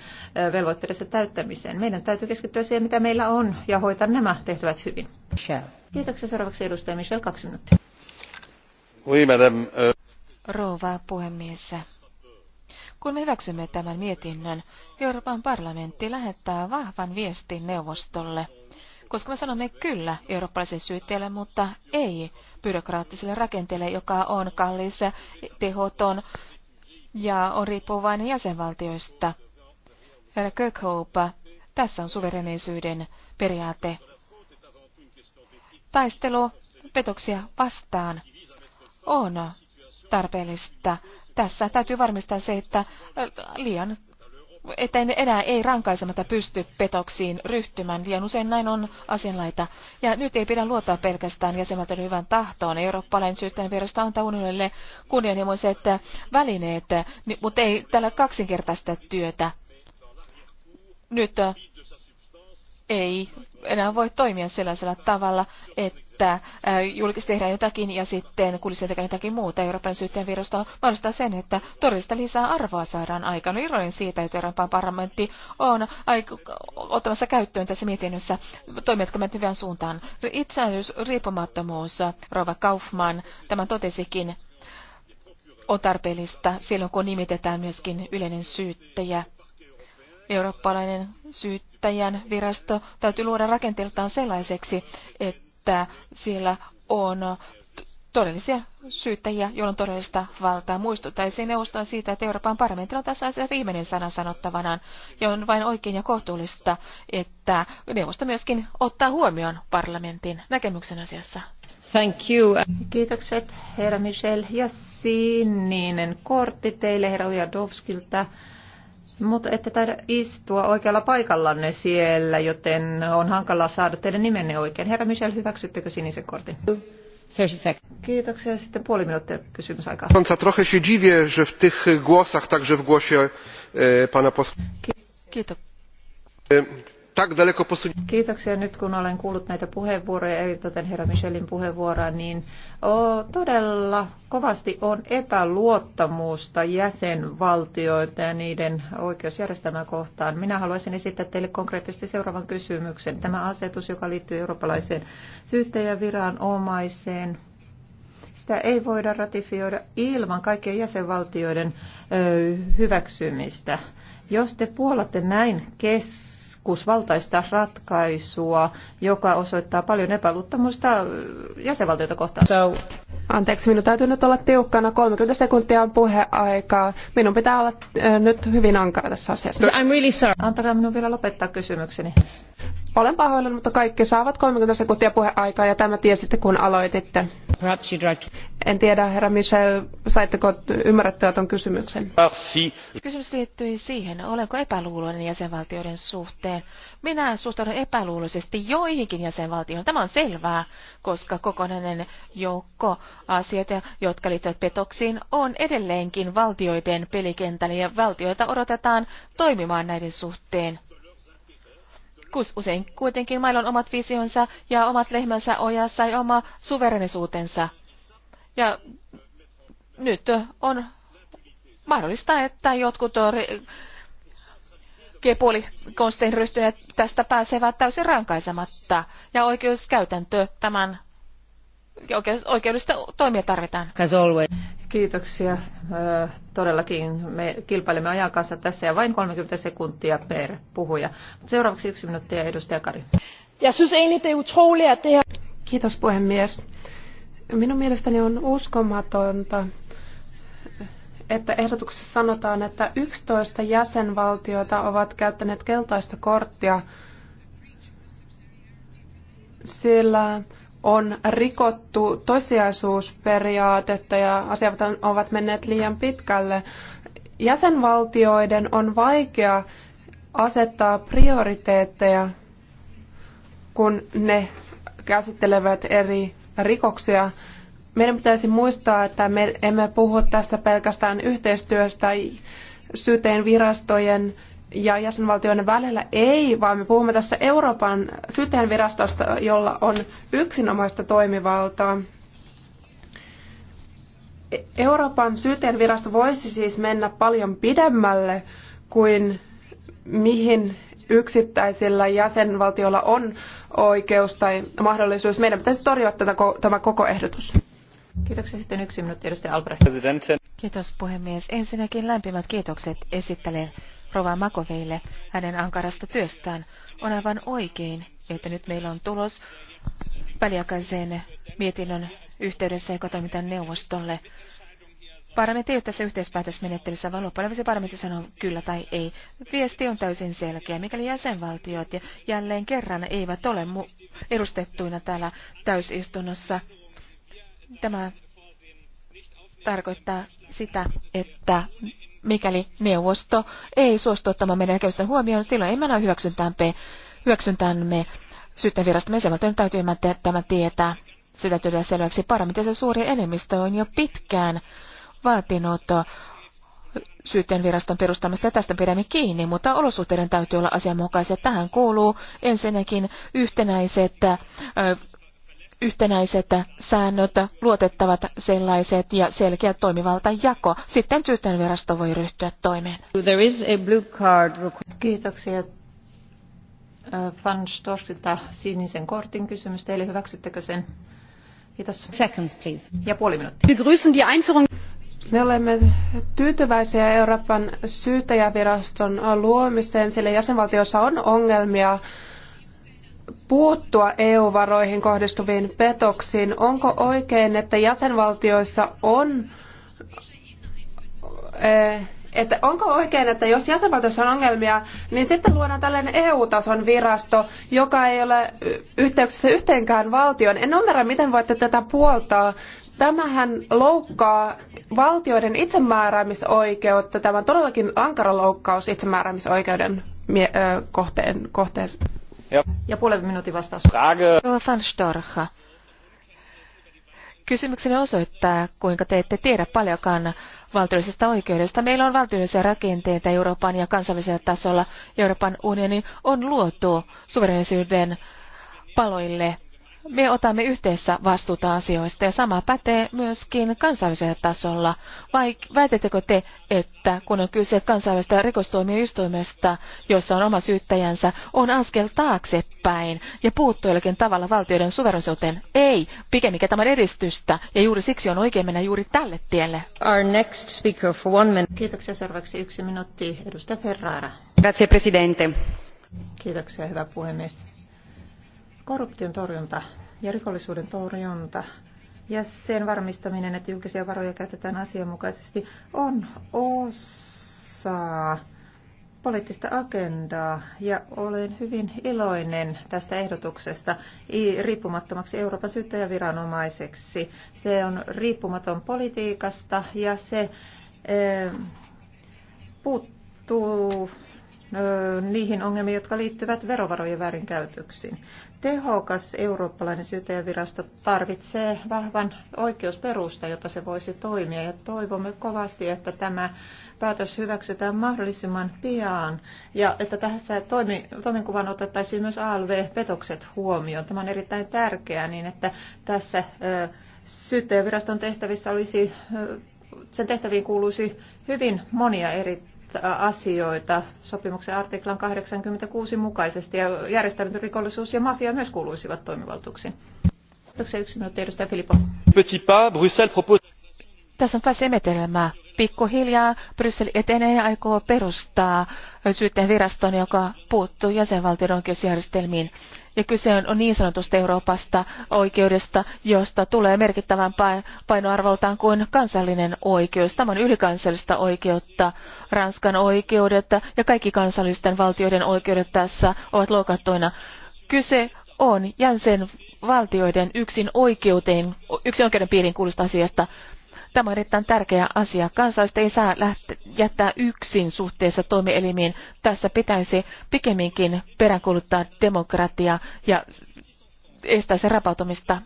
velvoitteidensa täyttämiseen. Meidän täytyy keskittyä siihen, mitä meillä on, ja hoitaa nämä tehtävät hyvin. Kiitoksia. Seuraavaksi edustaja Michel, kaksi minuuttia. Oui, madame rouva puhemies. Kun me hyväksymme tämän mietinnön, Euroopan parlamentti lähettää vahvan viestin neuvostolle, koska me sanomme kyllä eurooppalaiselle syytteelle, mutta ei byrokraattiselle rakenteelle, joka on kallis, tehoton ja on riippuvainen jäsenvaltioista. Herra Kirkhope, tässä on suverenisuuden periaate. Taistelu petoksia vastaan on tarpeellista. Tässä täytyy varmistaa se, että äh, liian että enää ei rankaisematta pysty petoksiin ryhtymään. Liian usein näin on asianlaita. Ja nyt ei pidä luottaa pelkästään jäsenvaltioiden hyvän tahtoon. Eurooppalainen syyttäjän virasto antaa unionille kunnianhimoiset välineet, mutta ei tällä kaksinkertaista työtä. Nyt äh, ei enää voi toimia sellaisella tavalla, että äh, julkisesti tehdään jotakin ja sitten kulissien tekee jotakin muuta. Euroopan syyttäjän virasto mahdollistaa sen, että todellista lisää arvoa saadaan aikaan. No, iloinen siitä, että Euroopan parlamentti on ottamassa käyttöön tässä mietinnössä, toimijatko me hyvään suuntaan. Itsenäisyys, riippumattomuus, Rova Kaufman, tämä totesikin, on tarpeellista silloin, kun nimitetään myöskin yleinen syyttäjä eurooppalainen syyttäjän virasto täytyy luoda rakenteeltaan sellaiseksi, että siellä on todellisia syyttäjiä, joilla on todellista valtaa. Muistuttaisin neuvostoa siitä, että Euroopan parlamentilla on tässä asiassa viimeinen sana sanottavanaan, ja on vain oikein ja kohtuullista, että neuvosto myöskin ottaa huomioon parlamentin näkemyksen asiassa. Thank you. Kiitokset, herra Michel. Ja sininen kortti teille, herra Ujadovskilta. Mutta ette taida istua oikealla paikallanne siellä, joten on hankala saada teidän nimenne oikein. Herra Michel, hyväksyttekö sinisen kortin? Kiitoksia. Sitten puoli minuuttia kysymysaikaa. Trochę się dziwię, że w tych głosach, także w głosie e, pana posła. Kiitos. E, tak daleko Kiitoksia nyt kun olen kuullut näitä puheenvuoroja, eritoten herra Michelin puheenvuoroa, niin o, todella kovasti on epäluottamusta jäsenvaltioita ja niiden oikeusjärjestelmää kohtaan. Minä haluaisin esittää teille konkreettisesti seuraavan kysymyksen. Tämä asetus, joka liittyy eurooppalaiseen syyttäjäviranomaiseen, sitä ei voida ratifioida ilman kaikkien jäsenvaltioiden ö, hyväksymistä. Jos te puolatte näin kes valtaista ratkaisua, joka osoittaa paljon epäluottamusta jäsenvaltioita kohtaan. So. Anteeksi, minun täytyy nyt olla tiukkana. 30 sekuntia on puheaikaa. Minun pitää olla äh, nyt hyvin ankara tässä asiassa. I'm really sorry. Antakaa minun vielä lopettaa kysymykseni. Olen pahoillani, mutta kaikki saavat 30 sekuntia puheaikaa ja tämä tiesitte kun aloititte. En tiedä, herra Michel, saitteko ymmärrettyä tuon kysymyksen? Kysymys liittyy siihen, olenko epäluuloinen jäsenvaltioiden suhteen. Minä suhtaudun epäluuloisesti joihinkin jäsenvaltioihin. Tämä on selvää, koska kokonainen joukko asioita, jotka liittyvät petoksiin, on edelleenkin valtioiden pelikentällä ja valtioita odotetaan toimimaan näiden suhteen. Kus Usein kuitenkin mailla on omat visionsa ja omat lehmänsä ojassa ja oma suverenisuutensa. Ja nyt on mahdollista, että jotkut kepuolikonstein ryhtyneet tästä pääsevät täysin rankaisematta. Ja oikeuskäytäntö tämän oikeudellista toimia tarvitaan. Kiitoksia. Todellakin me kilpailemme ajan kanssa tässä ja vain 30 sekuntia per puhuja. Seuraavaksi yksi minuutti ja edustaja Kari. Jeg er Kiitos puhemies. Minun mielestäni on uskomatonta, että ehdotuksessa sanotaan, että 11 jäsenvaltiota ovat käyttäneet keltaista korttia, sillä on rikottu tosiasuusperiaatetta ja asiat ovat menneet liian pitkälle. Jäsenvaltioiden on vaikea asettaa prioriteetteja, kun ne käsittelevät eri rikoksia. Meidän pitäisi muistaa, että me emme puhu tässä pelkästään yhteistyöstä syyteen virastojen ja jäsenvaltioiden välillä ei, vaan me puhumme tässä Euroopan syyttäjänvirastosta, jolla on yksinomaista toimivaltaa. Euroopan syyttäjänvirasto voisi siis mennä paljon pidemmälle kuin mihin yksittäisillä jäsenvaltioilla on oikeus tai mahdollisuus. Meidän pitäisi torjua tätä, tämä koko ehdotus. Kiitoksia sitten yksi minuutti edustaja Albrecht. Kiitos puhemies. Ensinnäkin lämpimät kiitokset esittelijälle Rova Makoveille hänen ankarasta työstään. On aivan oikein, että nyt meillä on tulos väliaikaiseen mietinnön yhteydessä, joka toimitaan neuvostolle. Parlamentti ei ole tässä yhteispäätösmenettelyssä, vaan loppujen parlamentti sanoo kyllä tai ei. Viesti on täysin selkeä. Mikäli jäsenvaltiot ja jälleen kerran eivät ole edustettuina täällä täysistunnossa, tämä tarkoittaa sitä, että mikäli neuvosto ei suostu ottamaan meidän näkemysten huomioon, silloin emme näy hyväksyntäämme, hyväksyntäämme syyttäjäviraston jäsenvaltion täytyy ymmärtää tämä tietää. Sitä tulee selväksi se suuri enemmistö on jo pitkään vaatinut syyttäjän viraston perustamista ja tästä pidämme kiinni, mutta olosuhteiden täytyy olla asianmukaisia. Tähän kuuluu ensinnäkin yhtenäiset yhtenäiset säännöt, luotettavat sellaiset ja selkeä toimivalta jako. Sitten syyttäjänvirasto voi ryhtyä toimeen. There is a blue card. Kiitoksia. Van Storsilta sinisen kortin kysymys teille. Hyväksyttekö sen? Kiitos. Seconds, please. Ja puoli minuuttia. Me olemme tyytyväisiä Euroopan syyttäjäviraston luomiseen, sillä jäsenvaltioissa on ongelmia puuttua EU-varoihin kohdistuviin petoksiin. Onko oikein, että jäsenvaltioissa on eh, että onko oikein, että jos jäsenvaltiossa on ongelmia, niin sitten luodaan tällainen EU-tason virasto, joka ei ole yhteyksissä yhteenkään valtioon. En ymmärrä, miten voitte tätä puoltaa. Tämähän loukkaa valtioiden itsemääräämisoikeutta. Tämä on todellakin ankara loukkaus itsemääräämisoikeuden kohteen, kohteen ja puolen minuutin vastaus. van Storch. Kysymykseni osoittaa, kuinka te ette tiedä paljonkaan valtiollisesta oikeudesta. Meillä on valtiollisia rakenteita Euroopan ja kansallisella tasolla. Euroopan unioni on luotu suverenisyyden paloille me otamme yhteensä vastuuta asioista ja sama pätee myöskin kansainvälisellä tasolla. Vai väitettekö te, että kun on kyse kansainvälisestä rikostuomioistuimesta, jossa on oma syyttäjänsä, on askel taaksepäin ja puuttuu jollakin tavalla valtioiden suverensuuteen? Ei, pikemminkin tämä edistystä ja juuri siksi on oikein mennä juuri tälle tielle. Our next speaker for one minute. Kiitoksia seuraavaksi yksi minuutti. Edustaja Ferrara. Grazie, presidente. Kiitoksia, hyvä puhemies. Korruption torjunta ja rikollisuuden torjunta ja sen varmistaminen, että julkisia varoja käytetään asianmukaisesti, on osa poliittista agendaa ja olen hyvin iloinen tästä ehdotuksesta riippumattomaksi Euroopan syyttäjäviranomaiseksi. Se on riippumaton politiikasta ja se eh, puuttuu niihin ongelmiin, jotka liittyvät verovarojen väärinkäytöksiin. Tehokas eurooppalainen syyttäjävirasto tarvitsee vahvan oikeusperusta, jotta se voisi toimia. Ja toivomme kovasti, että tämä päätös hyväksytään mahdollisimman pian ja että tässä toimi, toimenkuvan otettaisiin myös ALV-petokset huomioon. Tämä on erittäin tärkeää niin, että tässä syyttäjäviraston tehtävissä olisi, sen tehtäviin kuuluisi hyvin monia eri asioita sopimuksen artiklan 86 mukaisesti ja järjestäytynyt rikollisuus ja mafia myös kuuluisivat toimivaltuuksiin. yksi minuutti edustaja Filippo. Petit pas, Bruxelles propose... Tässä on pääsi emetelemään pikkuhiljaa Bryssel etenee ja aikoo perustaa syytteen viraston, joka puuttuu jäsenvaltion oikeusjärjestelmiin. Ja kyse on niin sanotusta Euroopasta oikeudesta, josta tulee merkittävän painoarvoltaan kuin kansallinen oikeus. Tämä on ylikansallista oikeutta. Ranskan oikeudet ja kaikki kansallisten valtioiden oikeudet tässä ovat loukattuina. Kyse on jäsenvaltioiden yksin oikeuteen, yksin oikeuden piirin kuulusta asiasta. Tämä on erittäin tärkeä asia. Kansalaiset ei saa lähteä, jättää yksin suhteessa toimielimiin. Tässä pitäisi pikemminkin peräänkuuluttaa demokratiaa ja estää sen rapautumista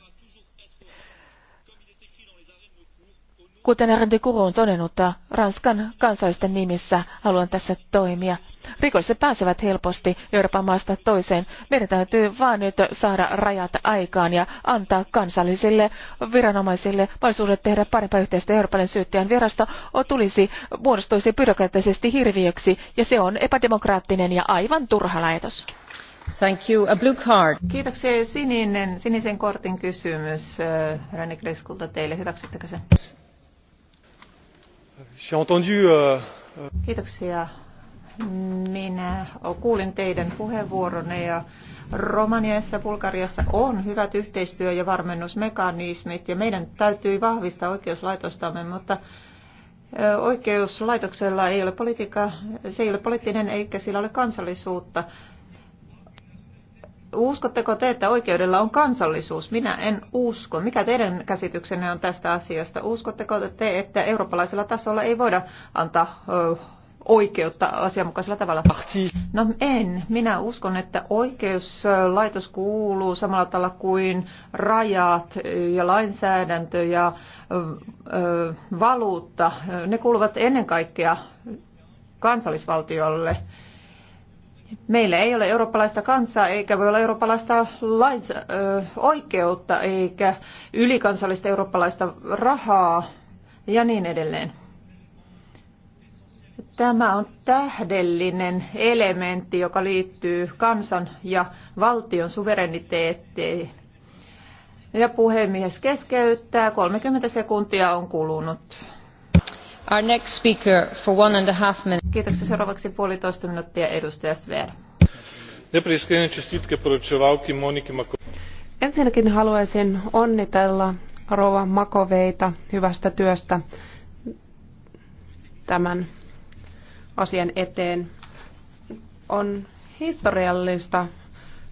Kuten Erende Kuru on todennut, Ranskan kansallisten nimissä haluan tässä toimia. Rikolliset pääsevät helposti Euroopan maasta toiseen. Meidän täytyy vain nyt saada rajat aikaan ja antaa kansallisille viranomaisille mahdollisuudet tehdä parempaa yhteistyötä. Euroopan syyttäjän virasto tulisi muodostuisi byrokraattisesti hirviöksi ja se on epädemokraattinen ja aivan turha laitos. Thank you. A blue card. Kiitoksia. Sininen, sinisen kortin kysymys äh, Rani Kreskulta teille. Hyväksyttekö sen? Euh, euh, Kiitoksia. Minä kuulin teidän puheenvuoronne ja Romaniassa ja Bulgariassa on hyvät yhteistyö- ja varmennusmekanismit ja meidän täytyy vahvistaa oikeuslaitostamme, mutta oikeuslaitoksella ei ole politiikka, se ei ole poliittinen eikä sillä ole kansallisuutta. Uskotteko te, että oikeudella on kansallisuus? Minä en usko. Mikä teidän käsityksenne on tästä asiasta? Uskotteko te, että eurooppalaisella tasolla ei voida antaa oikeutta asianmukaisella tavalla? No en. Minä uskon, että oikeuslaitos kuuluu samalla tavalla kuin rajat ja lainsäädäntö ja valuutta. Ne kuuluvat ennen kaikkea kansallisvaltiolle. Meillä ei ole eurooppalaista kansaa, eikä voi olla eurooppalaista ö, oikeutta, eikä ylikansallista eurooppalaista rahaa ja niin edelleen. Tämä on tähdellinen elementti, joka liittyy kansan ja valtion suvereniteettiin. Ja puhemies keskeyttää. 30 sekuntia on kulunut. Our next speaker for one and a Seuraavaksi puolitoista minuuttia edustaja Sver. Najprej čestitke poročevalki Moniki Makovei. Ensinnäkin haluaisin onnitella Rova Makoveita hyvästä työstä tämän asian eteen. On historiallista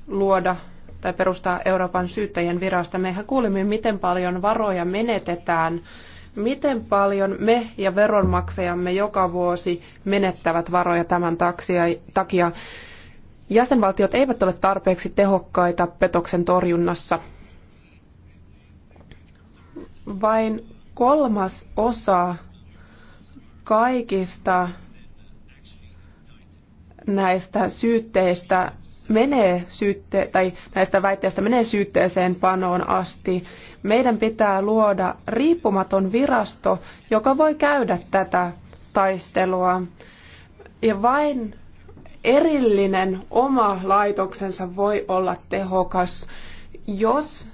luoda tai perustaa Euroopan syyttäjien virasta. Mehän kuulimme, miten paljon varoja menetetään Miten paljon me ja veronmaksajamme joka vuosi menettävät varoja tämän takia? Jäsenvaltiot eivät ole tarpeeksi tehokkaita petoksen torjunnassa. Vain kolmas osa kaikista näistä syytteistä menee syytte- tai näistä väitteistä menee syytteeseen panoon asti. Meidän pitää luoda riippumaton virasto, joka voi käydä tätä taistelua. Ja vain erillinen oma laitoksensa voi olla tehokas, jos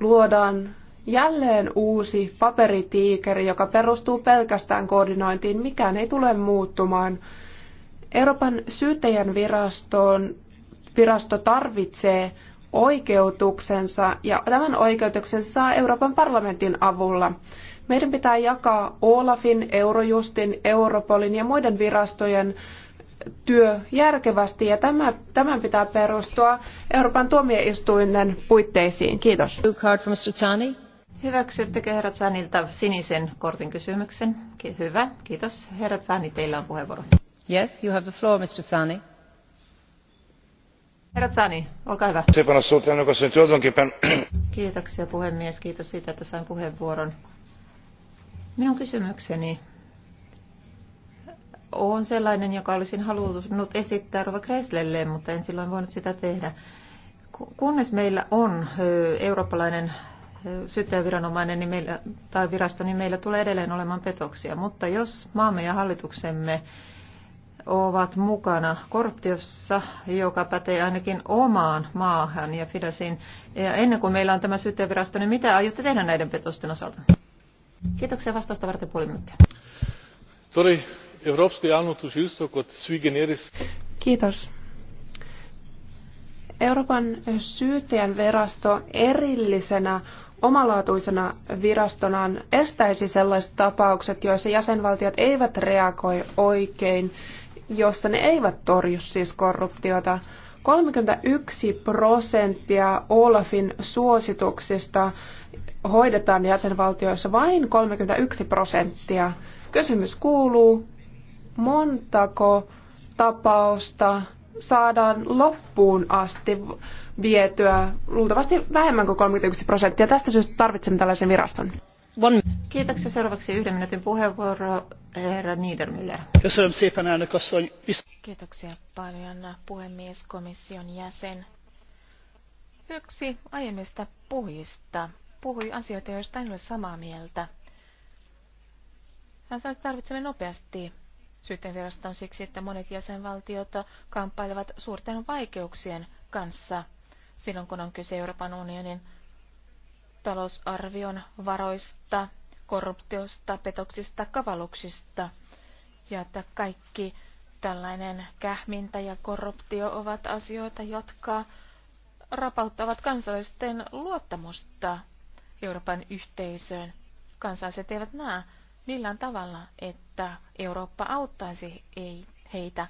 luodaan jälleen uusi paperitiikeri, joka perustuu pelkästään koordinointiin, mikään ei tule muuttumaan. Euroopan syyttäjän virastoon Virasto tarvitsee oikeutuksensa ja tämän oikeutuksen saa Euroopan parlamentin avulla. Meidän pitää jakaa Olafin, Eurojustin, Europolin ja muiden virastojen työ järkevästi ja tämä, tämän pitää perustua Euroopan tuomioistuimen puitteisiin. Kiitos. Hyväksyttekö herra Zanilta sinisen kortin kysymyksen? Hyvä, kiitos. Herra Zani, teillä on puheenvuoro. Yes, you have the floor, Mr. Zani. Herra Zani, Kiitoksia puhemies, kiitos siitä, että sain puheenvuoron. Minun kysymykseni on sellainen, joka olisin halunnut esittää Rova Kreslelle, mutta en silloin voinut sitä tehdä. Kunnes meillä on eurooppalainen syyttäjäviranomainen niin meillä, tai virasto, niin meillä tulee edelleen olemaan petoksia. Mutta jos maamme ja hallituksemme ovat mukana korruptiossa, joka pätee ainakin omaan maahan ja Fidesin. Ja ennen kuin meillä on tämä syyttäjävirasto, niin mitä aiotte tehdä näiden petosten osalta? Kiitoksia vastausta varten puoli minuuttia. Kiitos. Euroopan syyttäjän virasto erillisenä omalaatuisena virastonaan estäisi sellaiset tapaukset, joissa jäsenvaltiot eivät reagoi oikein jossa ne eivät torju siis korruptiota. 31 prosenttia Olafin suosituksista hoidetaan jäsenvaltioissa vain 31 prosenttia. Kysymys kuuluu, montako tapausta saadaan loppuun asti vietyä, luultavasti vähemmän kuin 31 prosenttia. Tästä syystä tarvitsemme tällaisen viraston. One... Kiitoksia. Seuraavaksi yhden minuutin puheenvuoro herra Niedermüller. Kiitoksia paljon puhemies, komission jäsen. Yksi aiemmista puhujista puhui asioita, joista en ole samaa mieltä. Hän sanoi, että tarvitsemme nopeasti syyttäjänviraston siksi, että monet jäsenvaltiot kamppailevat suurten vaikeuksien kanssa silloin, kun on kyse Euroopan unionin talousarvion varoista, korruptiosta, petoksista, kavaluksista ja että kaikki tällainen kähmintä ja korruptio ovat asioita, jotka rapauttavat kansalaisten luottamusta Euroopan yhteisöön. Kansalaiset eivät näe millään tavalla, että Eurooppa auttaisi heitä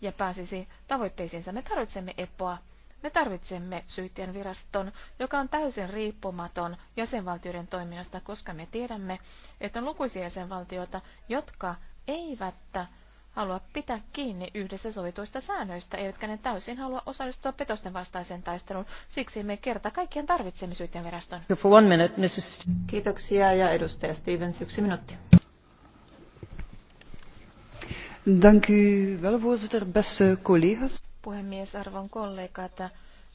ja pääsisi tavoitteisiinsa. Me tarvitsemme epoa me tarvitsemme syyttäjän viraston, joka on täysin riippumaton jäsenvaltioiden toiminnasta, koska me tiedämme, että on lukuisia jäsenvaltioita, jotka eivät halua pitää kiinni yhdessä sovituista säännöistä, eivätkä ne täysin halua osallistua petosten vastaiseen taisteluun. Siksi me kerta kaikkien tarvitsemme syyttäjän viraston. Kiitoksia ja edustaja Stevens, yksi minuutti. Dank u wel, voorzitter, beste collega's puhemies, arvon kollegat.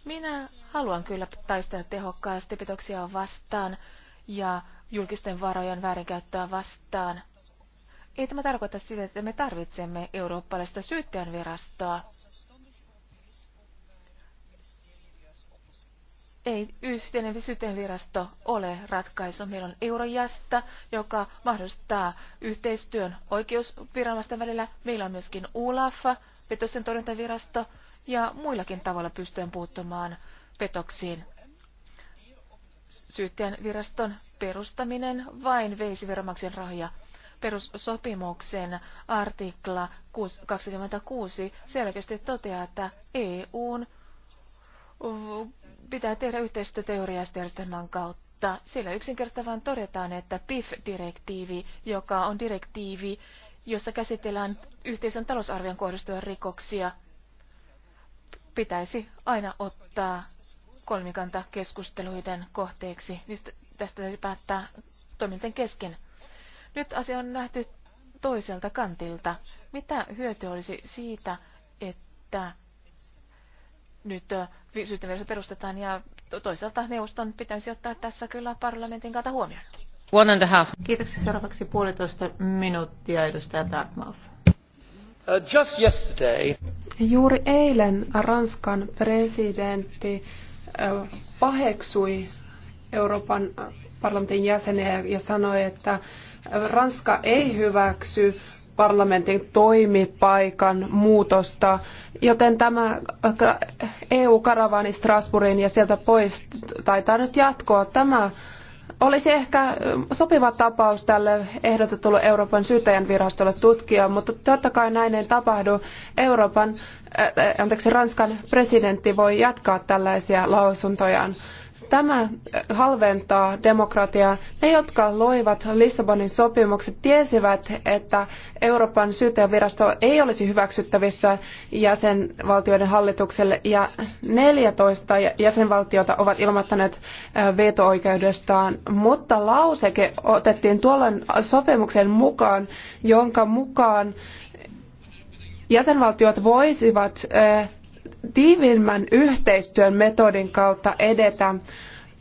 Minä haluan kyllä taistella tehokkaasti petoksia vastaan ja julkisten varojen väärinkäyttöä vastaan. Ei tämä tarkoita sitä, että me tarvitsemme eurooppalaista syyttäjän virastoa. ei yhteinen syyteenvirasto ole ratkaisu. Meillä on eurojasta, joka mahdollistaa yhteistyön oikeusviranomaisten välillä. Meillä on myöskin ULAF, petosten torjuntavirasto, ja muillakin tavalla pystyen puuttumaan petoksiin. Syyttäjän viraston perustaminen vain veisi veromaksien rahoja perussopimuksen artikla 26 selkeästi toteaa, että EUn pitää tehdä yhteistyötä eurojärjestelmän kautta. Sillä yksinkertaisesti todetaan, että PIF-direktiivi, joka on direktiivi, jossa käsitellään yhteisön talousarvion kohdistuvia rikoksia, pitäisi aina ottaa kolmikanta keskusteluiden kohteeksi. Niistä tästä täytyy päättää toiminten kesken. Nyt asia on nähty toiselta kantilta. Mitä hyötyä olisi siitä, että nyt syyttävirasto perustetaan ja toisaalta neuvoston pitäisi ottaa tässä kyllä parlamentin kautta huomioon. One and a half. Kiitoksia. Seuraavaksi puolitoista minuuttia edustaja Dartmouth. Uh, just yesterday. Juuri eilen Ranskan presidentti paheksui Euroopan parlamentin jäseniä ja sanoi, että Ranska ei hyväksy parlamentin toimipaikan muutosta, joten tämä EU-karavaani Strasbourgiin ja sieltä pois taitaa nyt jatkoa. Tämä olisi ehkä sopiva tapaus tälle ehdotetulle Euroopan syyttäjän virastolle tutkia, mutta totta kai näin ei tapahdu. Euroopan, äh, anteeksi, Ranskan presidentti voi jatkaa tällaisia lausuntojaan. Tämä äh, halventaa demokratiaa. Ne, jotka loivat Lissabonin sopimukset, tiesivät, että Euroopan syyttäjävirasto ei olisi hyväksyttävissä jäsenvaltioiden hallitukselle, ja 14 jäsenvaltiota ovat ilmoittaneet äh, veto-oikeudestaan, mutta lauseke otettiin tuolloin sopimuksen mukaan, jonka mukaan jäsenvaltiot voisivat äh, tiiviimmän yhteistyön metodin kautta edetä.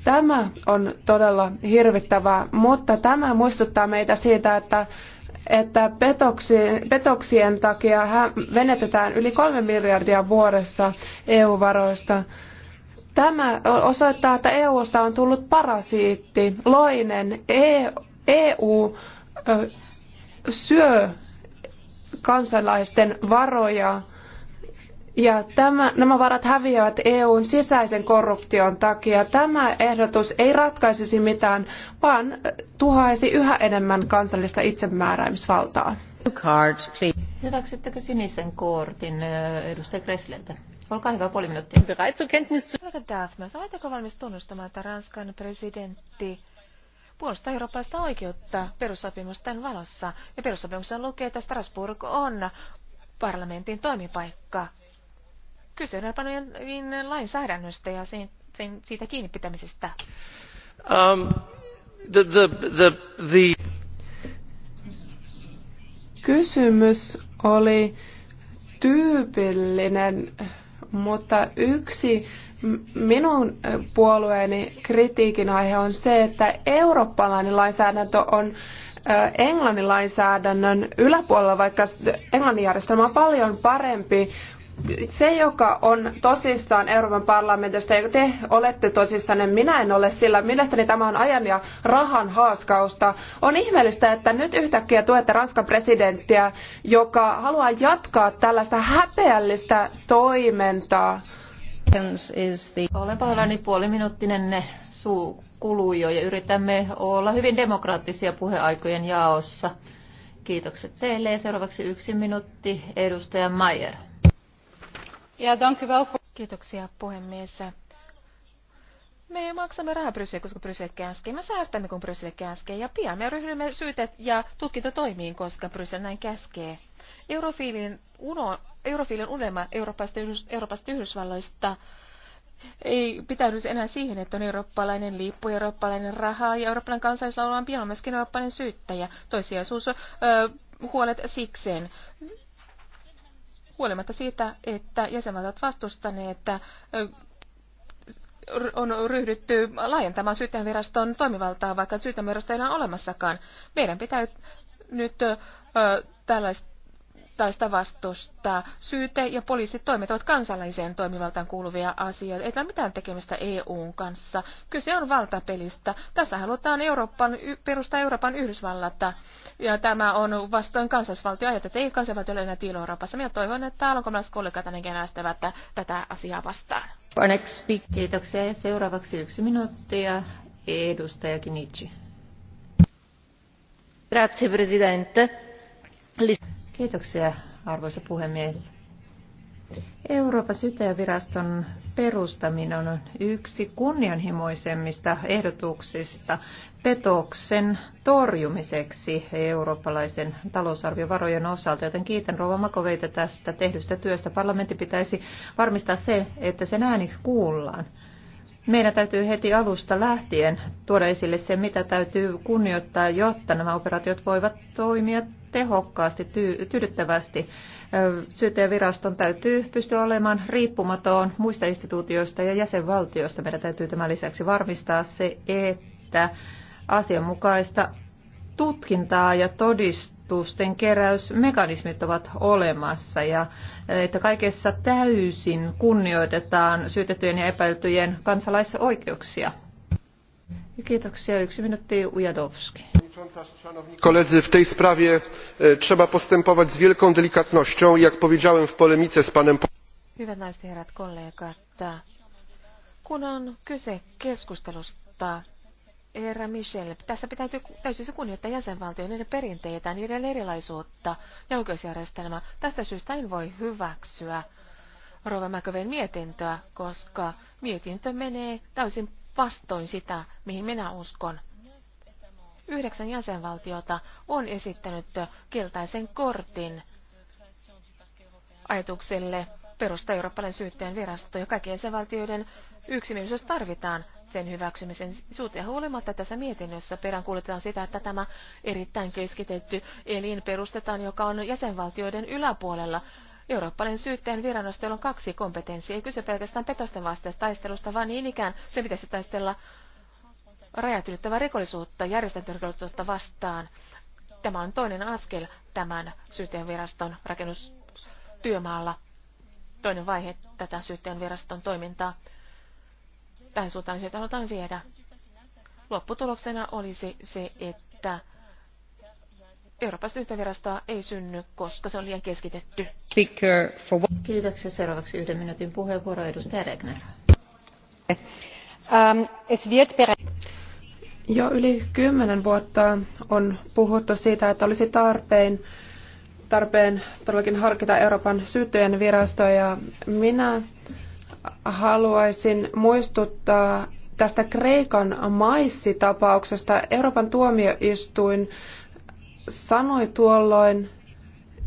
Tämä on todella hirvittävää, mutta tämä muistuttaa meitä siitä, että, että petoksien, petoksien takia menetetään yli kolme miljardia vuodessa EU-varoista. Tämä osoittaa, että EUsta on tullut parasiitti, loinen. EU e syö kansalaisten varoja ja tämä, nämä varat häviävät EUn sisäisen korruption takia. Tämä ehdotus ei ratkaisisi mitään, vaan tuhaisi yhä enemmän kansallista itsemääräämisvaltaa. Card, Hyväksyttekö sinisen kortin äh, edustaja Kressleltä? Olkaa hyvä, puoli minuuttia. Daphnes, oletteko valmis tunnustamaan, että Ranskan presidentti puolustaa eurooppalaista oikeutta perussopimusten valossa? Ja perussopimuksen lukee, että Strasbourg on parlamentin toimipaikka. Kyse on Albanian lainsäädännöstä ja sen, sen, siitä kiinni pitämisestä. Um, the, the, the, the... Kysymys oli tyypillinen, mutta yksi minun puolueeni kritiikin aihe on se, että eurooppalainen lainsäädäntö on Englannin lainsäädännön yläpuolella, vaikka Englannin järjestelmä on paljon parempi, se, joka on tosissaan Euroopan parlamentista, ja te olette tosissanne, minä en ole sillä, mielestäni tämä on ajan ja rahan haaskausta. On ihmeellistä, että nyt yhtäkkiä tuette Ranskan presidenttiä, joka haluaa jatkaa tällaista häpeällistä toimintaa. Olen pahoillani puoliminuuttinen suu kuluu jo ja yritämme olla hyvin demokraattisia puheaikojen jaossa. Kiitokset teille ja seuraavaksi yksi minuutti edustaja Mayer. Kiitoksia puhemies. Me maksamme rahaa Brysseliä, koska Bryssel käskee. Me säästämme, kun Bryssel käskee. Ja pian me ryhdymme syytet ja tutkintatoimiin, koska Bryssel näin käskee. Eurofiilin, uno, Eurofiilin unelma Euroopasta, Euroopasta Yhdysvalloista ei pitäydy enää siihen, että on eurooppalainen lippu, eurooppalainen raha ja eurooppalainen kansallislaulu on pian myöskin eurooppalainen syyttäjä. Toissijaisuus, ö, huolet sikseen huolimatta siitä, että jäsenvaltiot ovat vastustaneet, että on ryhdytty laajentamaan syyttäjänviraston toimivaltaa, vaikka syyttäjänvirasto ei ole olemassakaan. Meidän pitää nyt ö, tällaista tai sitä vastustaa. Syyte- ja poliisitoimet ovat kansalliseen toimivaltaan kuuluvia asioita. Ei ole mitään tekemistä EUn kanssa. Kyse on valtapelistä. Tässä halutaan Euroopan, perustaa Euroopan Yhdysvallata. Ja tämä on vastoin kansallisvaltio että ei kansallisvaltio ole enää tiilo Euroopassa. Minä toivon, että alkomaiset kollegat ainakin äänestävät tätä asiaa vastaan. Kiitoksia. Ja seuraavaksi yksi minuuttia. Edustaja Kinici. Grazie, Presidente. Kiitoksia, arvoisa puhemies. Euroopan syyttäjäviraston perustaminen on yksi kunnianhimoisemmista ehdotuksista petoksen torjumiseksi eurooppalaisen talousarviovarojen osalta, joten kiitän Rouva Makoveita tästä tehdystä työstä. Parlamentti pitäisi varmistaa se, että sen ääni kuullaan. Meidän täytyy heti alusta lähtien tuoda esille se, mitä täytyy kunnioittaa, jotta nämä operaatiot voivat toimia tehokkaasti, tyydyttävästi. Syyttäjäviraston täytyy pystyä olemaan riippumaton muista instituutioista ja jäsenvaltioista. Meidän täytyy tämän lisäksi varmistaa se, että asianmukaista tutkintaa ja todistusten keräysmekanismit ovat olemassa ja että kaikessa täysin kunnioitetaan syytettyjen ja epäiltyjen kansalaisoikeuksia. Kiitoksia. Yksi minuutti Ujadovski w tej sprawie e, trzeba postępować z wielką delikatnością i jak powiedziałem w polemice z panem. hyvät naiset ja herrat kollegat kun on kyse keskustelusta herra Michel, tässä pitää täytyisi kunnioittaa jäsenvaltioiden perinteitä, niiden erilaisuutta ja oikeusjärjestelmää. Tästä syystä en voi hyväksyä Rova Mäköven mietintöä, koska mietintö menee täysin vastoin sitä, mihin minä uskon. Yhdeksän jäsenvaltiota on esittänyt keltaisen kortin ajatukselle perusta eurooppalainen syyttäjän virasto ja kaikkien jäsenvaltioiden yksimielisyys tarvitaan sen hyväksymisen suhteen huolimatta tässä mietinnössä peräänkuulutetaan sitä, että tämä erittäin keskitetty elin perustetaan, joka on jäsenvaltioiden yläpuolella. Eurooppalainen syytteen viranostoilla on kaksi kompetenssia. Ei kyse pelkästään petosten vastaista taistelusta, vaan niin ikään se pitäisi taistella rajat ylittävää rikollisuutta järjestettyä vastaan. Tämä on toinen askel tämän syyteenviraston rakennustyömaalla. Toinen vaihe tätä syyteenviraston toimintaa. Tähän suuntaan sitä halutaan viedä. Lopputuloksena olisi se, että Euroopan syyttävirastoa ei synny, koska se on liian keskitetty. Speaker for... Kiitoksia. Seuraavaksi yhden minuutin puheenvuoro edustaja Regner. Um, es wird jo yli kymmenen vuotta on puhuttu siitä, että olisi tarpeen, tarpeen todellakin harkita Euroopan syyttöjen virastoja. minä haluaisin muistuttaa tästä Kreikan maissitapauksesta. Euroopan tuomioistuin sanoi tuolloin,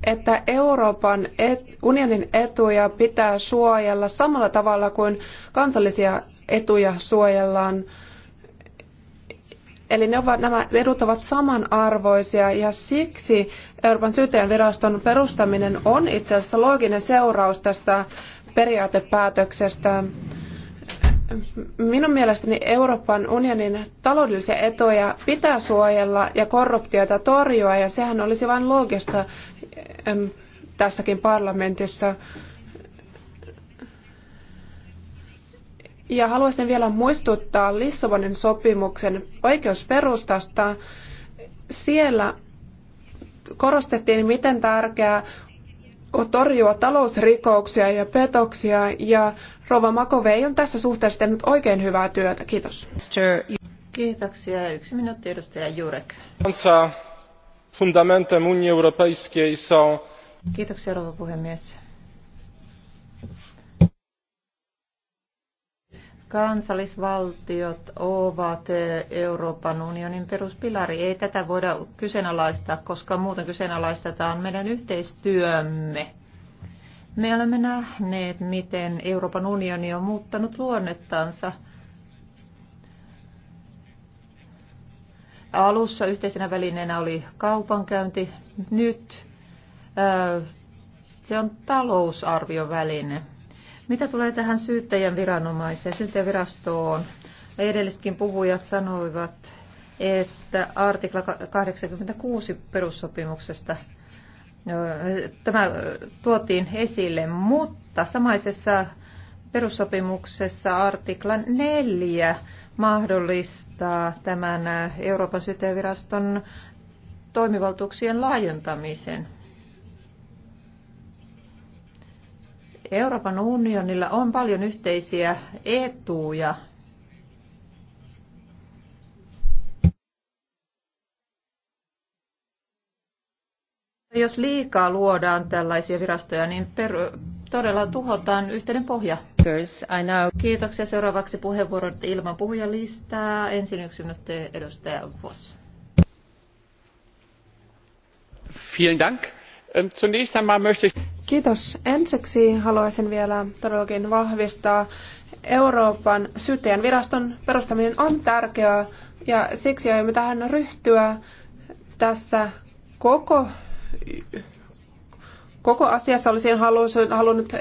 että Euroopan et, unionin etuja pitää suojella samalla tavalla kuin kansallisia etuja suojellaan. Eli ne ovat, nämä edut ovat samanarvoisia ja siksi Euroopan syyteen viraston perustaminen on itse asiassa looginen seuraus tästä periaatepäätöksestä. Minun mielestäni Euroopan unionin taloudellisia etuja pitää suojella ja korruptiota torjua ja sehän olisi vain loogista tässäkin parlamentissa. Ja haluaisin vielä muistuttaa Lissabonin sopimuksen oikeusperustasta. Siellä korostettiin, miten tärkeää on torjua talousrikoksia ja petoksia, ja Rova Makovei on tässä suhteessa tehnyt oikein hyvää työtä. Kiitos. Kiitoksia. Yksi minuutti, edustaja Jurek. Fundamentem Unii Europejskiej Kiitoksia, rouva puhemies. Kansallisvaltiot ovat eh, Euroopan unionin peruspilari. Ei tätä voida kyseenalaistaa, koska muuten kyseenalaistetaan meidän yhteistyömme. Me olemme nähneet, miten Euroopan unioni on muuttanut luonnettansa. Alussa yhteisenä välineenä oli kaupankäynti, nyt se on talousarvioväline. väline. Mitä tulee tähän syyttäjän viranomaiseen, syyttäjävirastoon, edellisetkin puhujat sanoivat, että artikla 86 perussopimuksesta tämä tuotiin esille, mutta samaisessa perussopimuksessa artikla 4 mahdollistaa tämän Euroopan syyteviraston toimivaltuuksien laajentamisen. Euroopan unionilla on paljon yhteisiä etuja. Jos liikaa luodaan tällaisia virastoja, niin per, todella tuhotaan yhteinen pohja. Kiitoksia. Seuraavaksi puheenvuorot ilman puhujalistaa. Ensin yksi edustaja Voss. Vielen Dank. Ähm, zunächst einmal möchte ich... Kiitos. Ensiksi haluaisin vielä todellakin vahvistaa Euroopan syyttäjän viraston perustaminen on tärkeää ja siksi aiomme tähän ryhtyä tässä koko, koko asiassa. Olisin halunnut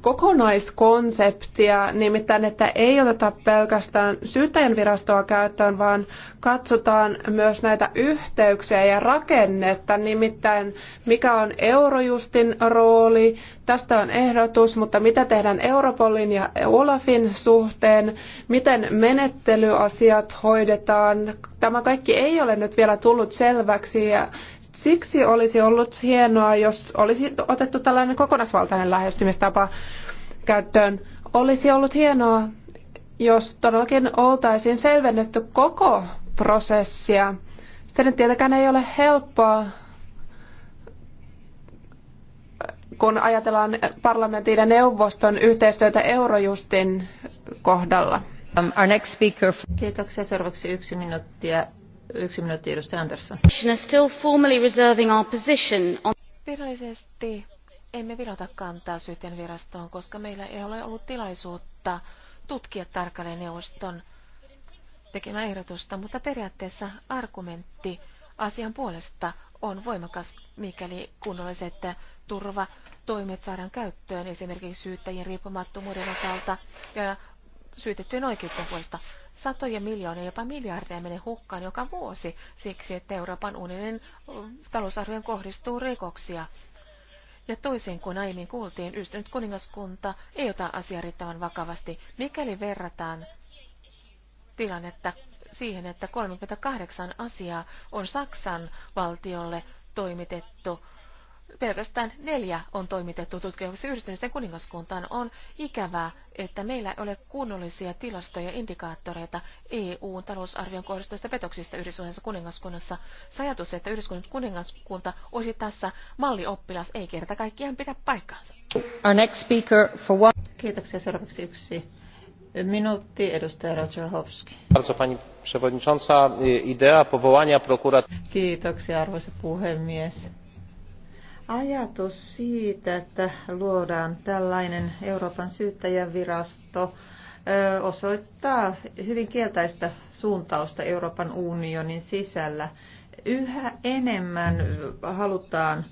kokonaiskonseptia, nimittäin että ei oteta pelkästään syyttäjän virastoa käyttöön, vaan katsotaan myös näitä yhteyksiä ja rakennetta, nimittäin mikä on Eurojustin rooli, tästä on ehdotus, mutta mitä tehdään Europolin ja Olafin suhteen, miten menettelyasiat hoidetaan, tämä kaikki ei ole nyt vielä tullut selväksi ja Siksi olisi ollut hienoa, jos olisi otettu tällainen kokonaisvaltainen lähestymistapa käyttöön. Olisi ollut hienoa, jos todellakin oltaisiin selvennetty koko prosessia. Se nyt tietenkään ei ole helppoa, kun ajatellaan parlamentin ja neuvoston yhteistyötä Eurojustin kohdalla. Um, our next speaker. Kiitoksia. Seuraavaksi yksi minuuttia. Yksi minuutti edustaja Andersson. Virallisesti emme virota kantaa syytteen virastoon, koska meillä ei ole ollut tilaisuutta tutkia tarkalleen neuvoston tekemää ehdotusta, mutta periaatteessa argumentti asian puolesta on voimakas, mikäli kunnolliset turvatoimet saadaan käyttöön esimerkiksi syyttäjien riippumattomuuden osalta ja syytettyjen oikeuksien puolesta. Satoja miljoonia, jopa miljardeja menee hukkaan joka vuosi siksi, että Euroopan unionin talousarvion kohdistuu rikoksia. Ja toisin kuin aiemmin kuultiin, ystynyt kuningaskunta ei ota asiaa riittävän vakavasti, mikäli verrataan tilannetta siihen, että 38 asiaa on Saksan valtiolle toimitettu pelkästään neljä on toimitettu tutkimuksessa yhdistyneeseen kuningaskuntaan. On ikävää, että meillä ei ole kunnollisia tilastoja ja indikaattoreita EUn talousarvion kohdistuvista petoksista yhdistyneessä kuningaskunnassa. Se ajatus, että yhdistynyt kuningaskunta olisi tässä mallioppilas, ei kerta kaikkiaan pidä paikkaansa. Our next speaker for one... Kiitoksia. Seuraavaksi yksi minuutti. Edustaja Roger Hofski. Bardzo pani przewodnicząca. Idea powołania prokuratu. Kiitoksia, arvoisa puhemies Ajatus siitä, että luodaan tällainen Euroopan syyttäjän virasto, osoittaa hyvin kieltäistä suuntausta Euroopan unionin sisällä. Yhä enemmän halutaan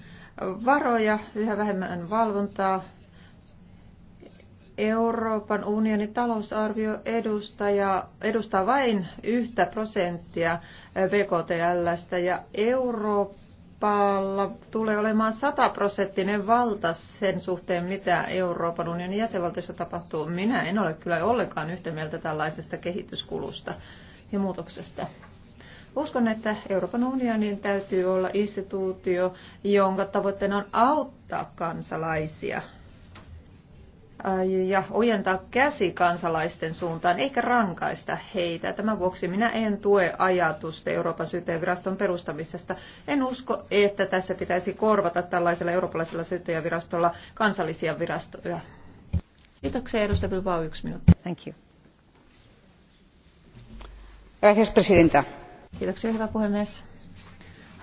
varoja, yhä vähemmän valvontaa. Euroopan unionin talousarvio edustaja, edustaa vain yhtä prosenttia BKTLstä ja Eurooppa Euroopalla tulee olemaan sataprosenttinen valta sen suhteen, mitä Euroopan unionin jäsenvaltiossa tapahtuu. Minä en ole kyllä ollenkaan yhtä mieltä tällaisesta kehityskulusta ja muutoksesta. Uskon, että Euroopan unionin täytyy olla instituutio, jonka tavoitteena on auttaa kansalaisia – ja ojentaa käsi kansalaisten suuntaan eikä rankaista heitä. Tämän vuoksi minä en tue ajatusta Euroopan syyttäjäviraston perustamisesta. En usko, että tässä pitäisi korvata tällaisella eurooppalaisella syyttäjävirastolla kansallisia virastoja. Kiitoksia edustaja Bilbao, yksi minuutti. Thank you. Gracias, presidenta. Kiitoksia, hyvä puhemies.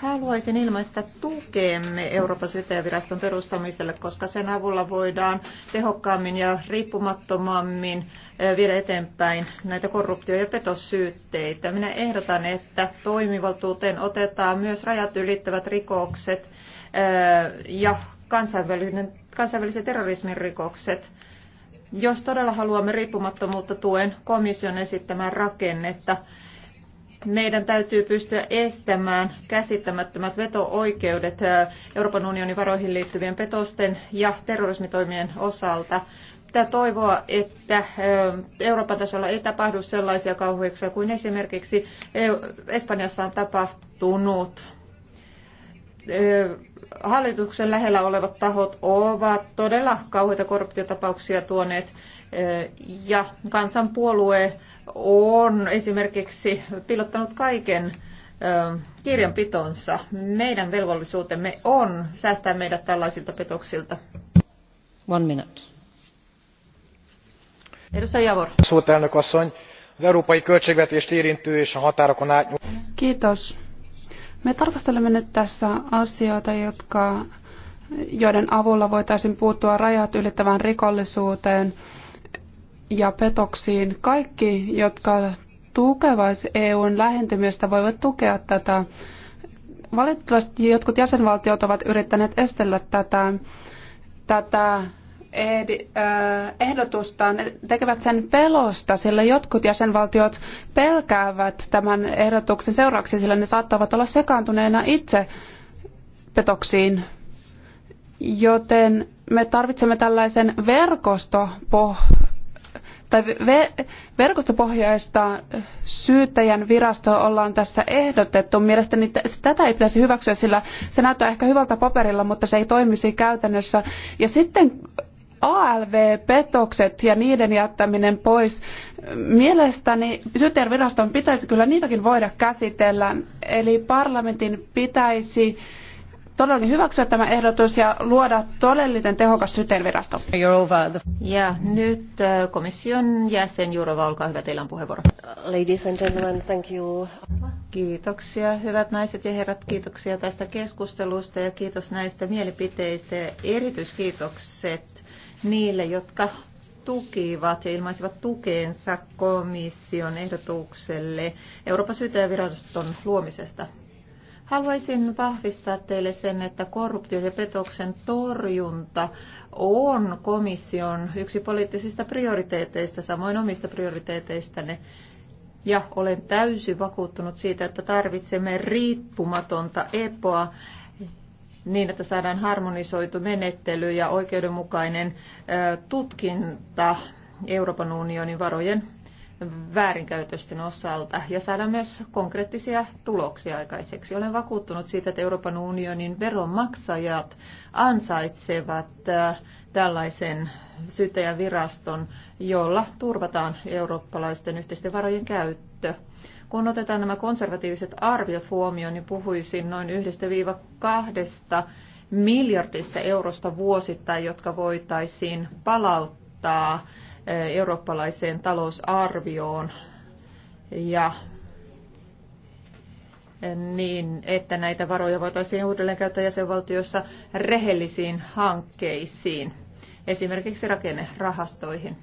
Haluaisin ilmaista tukemme Euroopan syyttäjäviraston perustamiselle, koska sen avulla voidaan tehokkaammin ja riippumattomammin viedä eteenpäin näitä korruptio- ja petossyytteitä. Minä ehdotan, että toimivaltuuteen otetaan myös rajat ylittävät rikokset ja kansainvälinen, kansainvälisen terrorismin rikokset. Jos todella haluamme riippumattomuutta, tuen komission esittämään rakennetta meidän täytyy pystyä estämään käsittämättömät veto-oikeudet Euroopan unionin varoihin liittyvien petosten ja terrorismitoimien osalta. Tämä toivoa, että Euroopan tasolla ei tapahdu sellaisia kauhuiksia kuin esimerkiksi Espanjassa on tapahtunut. Hallituksen lähellä olevat tahot ovat todella kauheita korruptiotapauksia tuoneet ja kansanpuolue on esimerkiksi pilottanut kaiken kirjanpitonsa. Meidän velvollisuutemme on säästää meidät tällaisilta petoksilta. One minute. Edustaja Javor. Elnök asszony, az európai költségvetést érintő és a határokon Kiitos. Me tarkastelemme nyt tässä asioita, jotka, joiden avulla voitaisiin puuttua rajat ylittävään rikollisuuteen ja petoksiin. Kaikki, jotka tukevat EUn lähentymistä, voivat tukea tätä. Valitettavasti jotkut jäsenvaltiot ovat yrittäneet estellä tätä, tätä äh, ehdotusta. Ne tekevät sen pelosta, sillä jotkut jäsenvaltiot pelkäävät tämän ehdotuksen seurauksia, sillä ne saattavat olla sekaantuneena itse petoksiin. Joten me tarvitsemme tällaisen verkostopohjan tai ver- verkostopohjaista syyttäjän virastoa ollaan tässä ehdotettu. Mielestäni tätä ei pitäisi hyväksyä, sillä se näyttää ehkä hyvältä paperilla, mutta se ei toimisi käytännössä. Ja sitten ALV-petokset ja niiden jättäminen pois. Mielestäni syyttäjän pitäisi kyllä niitäkin voida käsitellä. Eli parlamentin pitäisi todellakin hyväksyä tämä ehdotus ja luoda todellinen tehokas syyteenvirasto. Ja nyt äh, komission jäsen Jurova, olkaa hyvä, teillä on puheenvuoro. Ladies and gentlemen, thank you. Kiitoksia, hyvät naiset ja herrat, kiitoksia tästä keskustelusta ja kiitos näistä mielipiteistä. Erityiskiitokset niille, jotka tukivat ja ilmaisivat tukeensa komission ehdotukselle Euroopan syyttäjäviraston luomisesta. Haluaisin vahvistaa teille sen, että korruptio ja petoksen torjunta on komission yksi poliittisista prioriteeteista, samoin omista prioriteeteistanne. Ja olen täysin vakuuttunut siitä, että tarvitsemme riippumatonta EPOa niin, että saadaan harmonisoitu menettely ja oikeudenmukainen tutkinta Euroopan unionin varojen väärinkäytösten osalta ja saada myös konkreettisia tuloksia aikaiseksi. Olen vakuuttunut siitä, että Euroopan unionin veronmaksajat ansaitsevat äh, tällaisen syyttäjäviraston, jolla turvataan eurooppalaisten yhteisten varojen käyttö. Kun otetaan nämä konservatiiviset arviot huomioon, niin puhuisin noin 1-2 miljardista eurosta vuosittain, jotka voitaisiin palauttaa Eh, eurooppalaiseen talousarvioon ja eh, niin, että näitä varoja voitaisiin uudelleen käyttää jäsenvaltioissa rehellisiin hankkeisiin, esimerkiksi rakennerahastoihin.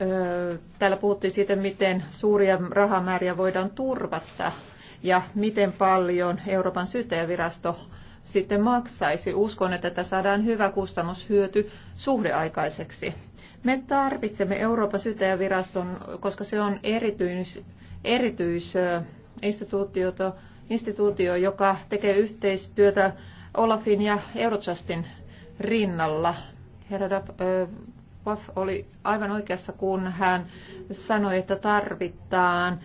Eh, täällä puhuttiin siitä, miten suuria rahamääriä voidaan turvata ja miten paljon Euroopan syyttäjävirasto sitten maksaisi. Uskon, että tätä saadaan hyvä kustannushyöty suhdeaikaiseksi. Me tarvitsemme Euroopan syyttäjäviraston, koska se on erityis, erityisinstituutio, instituutio, joka tekee yhteistyötä Olafin ja Eurojustin rinnalla. Herra Waff oli aivan oikeassa, kun hän sanoi, että tarvitaan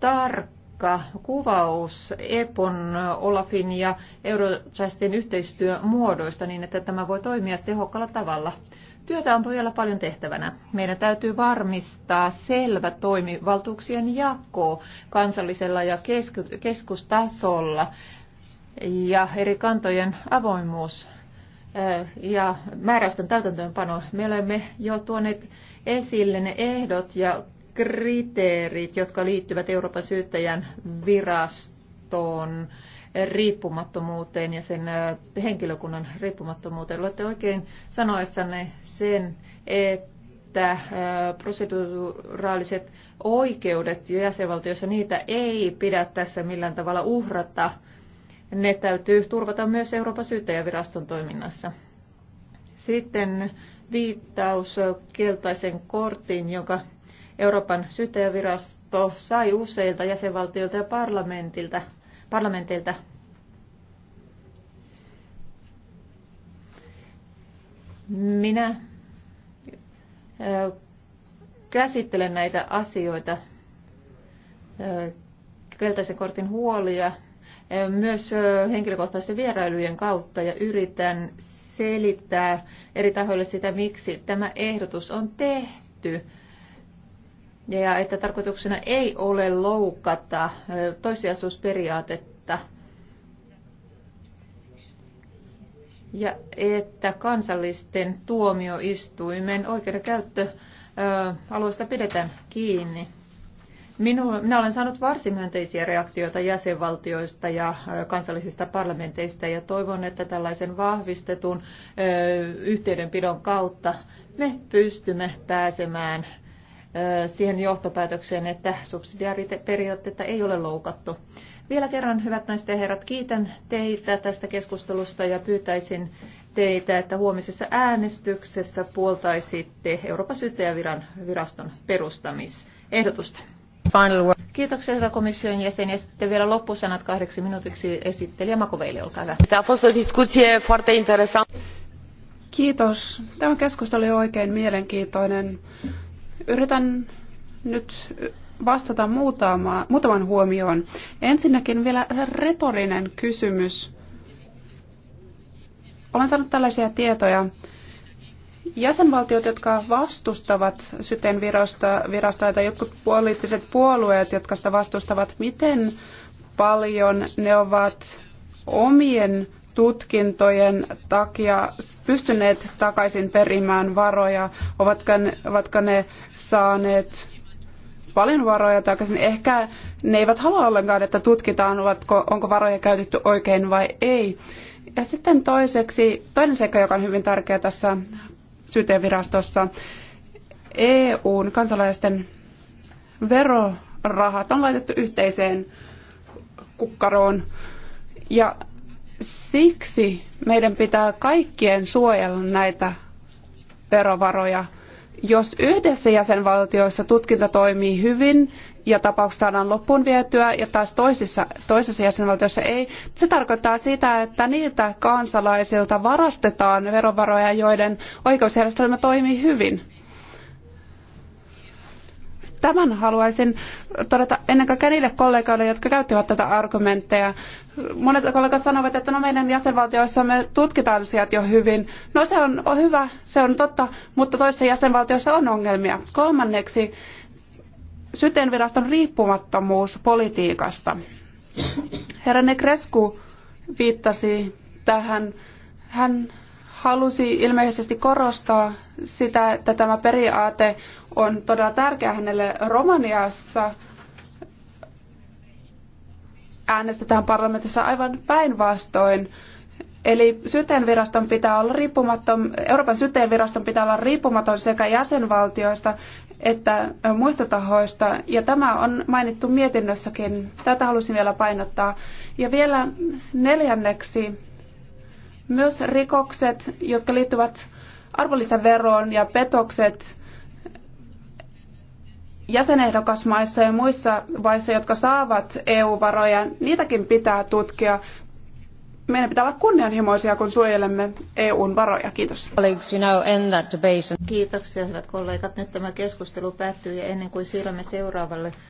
tarkka tarkka kuvaus EPON, Olafin ja Eurojustin yhteistyön niin, että tämä voi toimia tehokkaalla tavalla. Työtä on vielä paljon tehtävänä. Meidän täytyy varmistaa selvä toimivaltuuksien jako kansallisella ja keskustasolla ja eri kantojen avoimuus eh, ja määräysten täytäntöönpano. Me olemme jo tuoneet esille ne ehdot ja kriteerit, jotka liittyvät Euroopan syyttäjän virastoon riippumattomuuteen ja sen henkilökunnan riippumattomuuteen. Luette oikein sanoessanne sen, että proseduraaliset oikeudet jäsenvaltioissa, niitä ei pidä tässä millään tavalla uhrata. Ne täytyy turvata myös Euroopan syyttäjäviraston toiminnassa. Sitten viittaus keltaisen kortin, jonka Euroopan syyttäjävirasto sai useilta jäsenvaltioilta ja parlamentilta, parlamentilta minä käsittelen näitä asioita, keltaisen kortin huolia, myös henkilökohtaisten vierailujen kautta ja yritän selittää eri tahoille sitä, miksi tämä ehdotus on tehty ja että tarkoituksena ei ole loukata toissijaisuusperiaatetta ja että kansallisten tuomioistuimen oikeudenkäyttö alueesta pidetään kiinni. Minua, minä olen saanut varsin myönteisiä reaktioita jäsenvaltioista ja kansallisista parlamenteista ja toivon, että tällaisen vahvistetun yhteydenpidon kautta me pystymme pääsemään siihen johtopäätökseen, että subsidiaariperiaatteita ei ole loukattu. Vielä kerran, hyvät naiset ja herrat, kiitän teitä tästä keskustelusta ja pyytäisin teitä, että huomisessa äänestyksessä puoltaisitte Euroopan viraston perustamisehdotusta. Final word. Kiitoksia hyvä komission jäsen ja sitten vielä loppusanat kahdeksi minuutiksi esittelijä Makoveille, olkaa hyvä. Tämä on ollut diskussie foarte interesant. Kiitos. Tämä keskustelu oli oikein mielenkiintoinen. Yritän nyt vastata muutamaan muutaman huomioon. Ensinnäkin vielä retorinen kysymys. Olen saanut tällaisia tietoja. Jäsenvaltiot, jotka vastustavat syteen virastoa, virastoa tai jotkut poliittiset puolueet, jotka sitä vastustavat, miten paljon ne ovat omien tutkintojen takia pystyneet takaisin perimään varoja, ovatko ne, ovatko ne saaneet paljon varoja takaisin. Ehkä ne eivät halua ollenkaan, että tutkitaan, ovatko, onko varoja käytetty oikein vai ei. Ja sitten toiseksi, toinen seikka, joka on hyvin tärkeä tässä syyteenvirastossa, EUn kansalaisten verorahat on laitettu yhteiseen kukkaroon. Ja Siksi meidän pitää kaikkien suojella näitä verovaroja. Jos yhdessä jäsenvaltioissa tutkinta toimii hyvin ja tapaukset saadaan loppuun vietyä ja taas toisissa, toisessa jäsenvaltiossa ei, se tarkoittaa sitä, että niiltä kansalaisilta varastetaan verovaroja, joiden oikeusjärjestelmä toimii hyvin. Tämän haluaisin todeta ennen kaikkea niille kollegoille, jotka käyttivät tätä argumentteja. Monet kollegat sanovat, että no meidän jäsenvaltioissamme tutkitaan asiat jo hyvin. No se on, on hyvä, se on totta, mutta toisissa jäsenvaltioissa on ongelmia. Kolmanneksi, syyteenviraston riippumattomuus politiikasta. Herra Negrescu viittasi tähän. Hän halusi ilmeisesti korostaa sitä, että tämä periaate on todella tärkeää hänelle Romaniassa. Äänestetään parlamentissa aivan päinvastoin. Eli syteenviraston pitää olla riippumaton, Euroopan syteenviraston pitää olla riippumaton sekä jäsenvaltioista että muista tahoista. Ja tämä on mainittu mietinnössäkin. Tätä halusin vielä painottaa. Ja vielä neljänneksi myös rikokset, jotka liittyvät arvonlisäveroon ja petokset jäsenehdokasmaissa ja muissa maissa, jotka saavat EU-varoja, niitäkin pitää tutkia. Meidän pitää olla kunnianhimoisia, kun suojelemme EUn varoja. Kiitos. Kiitoksia, hyvät kollegat. Nyt tämä keskustelu päättyy ja ennen kuin siirrymme seuraavalle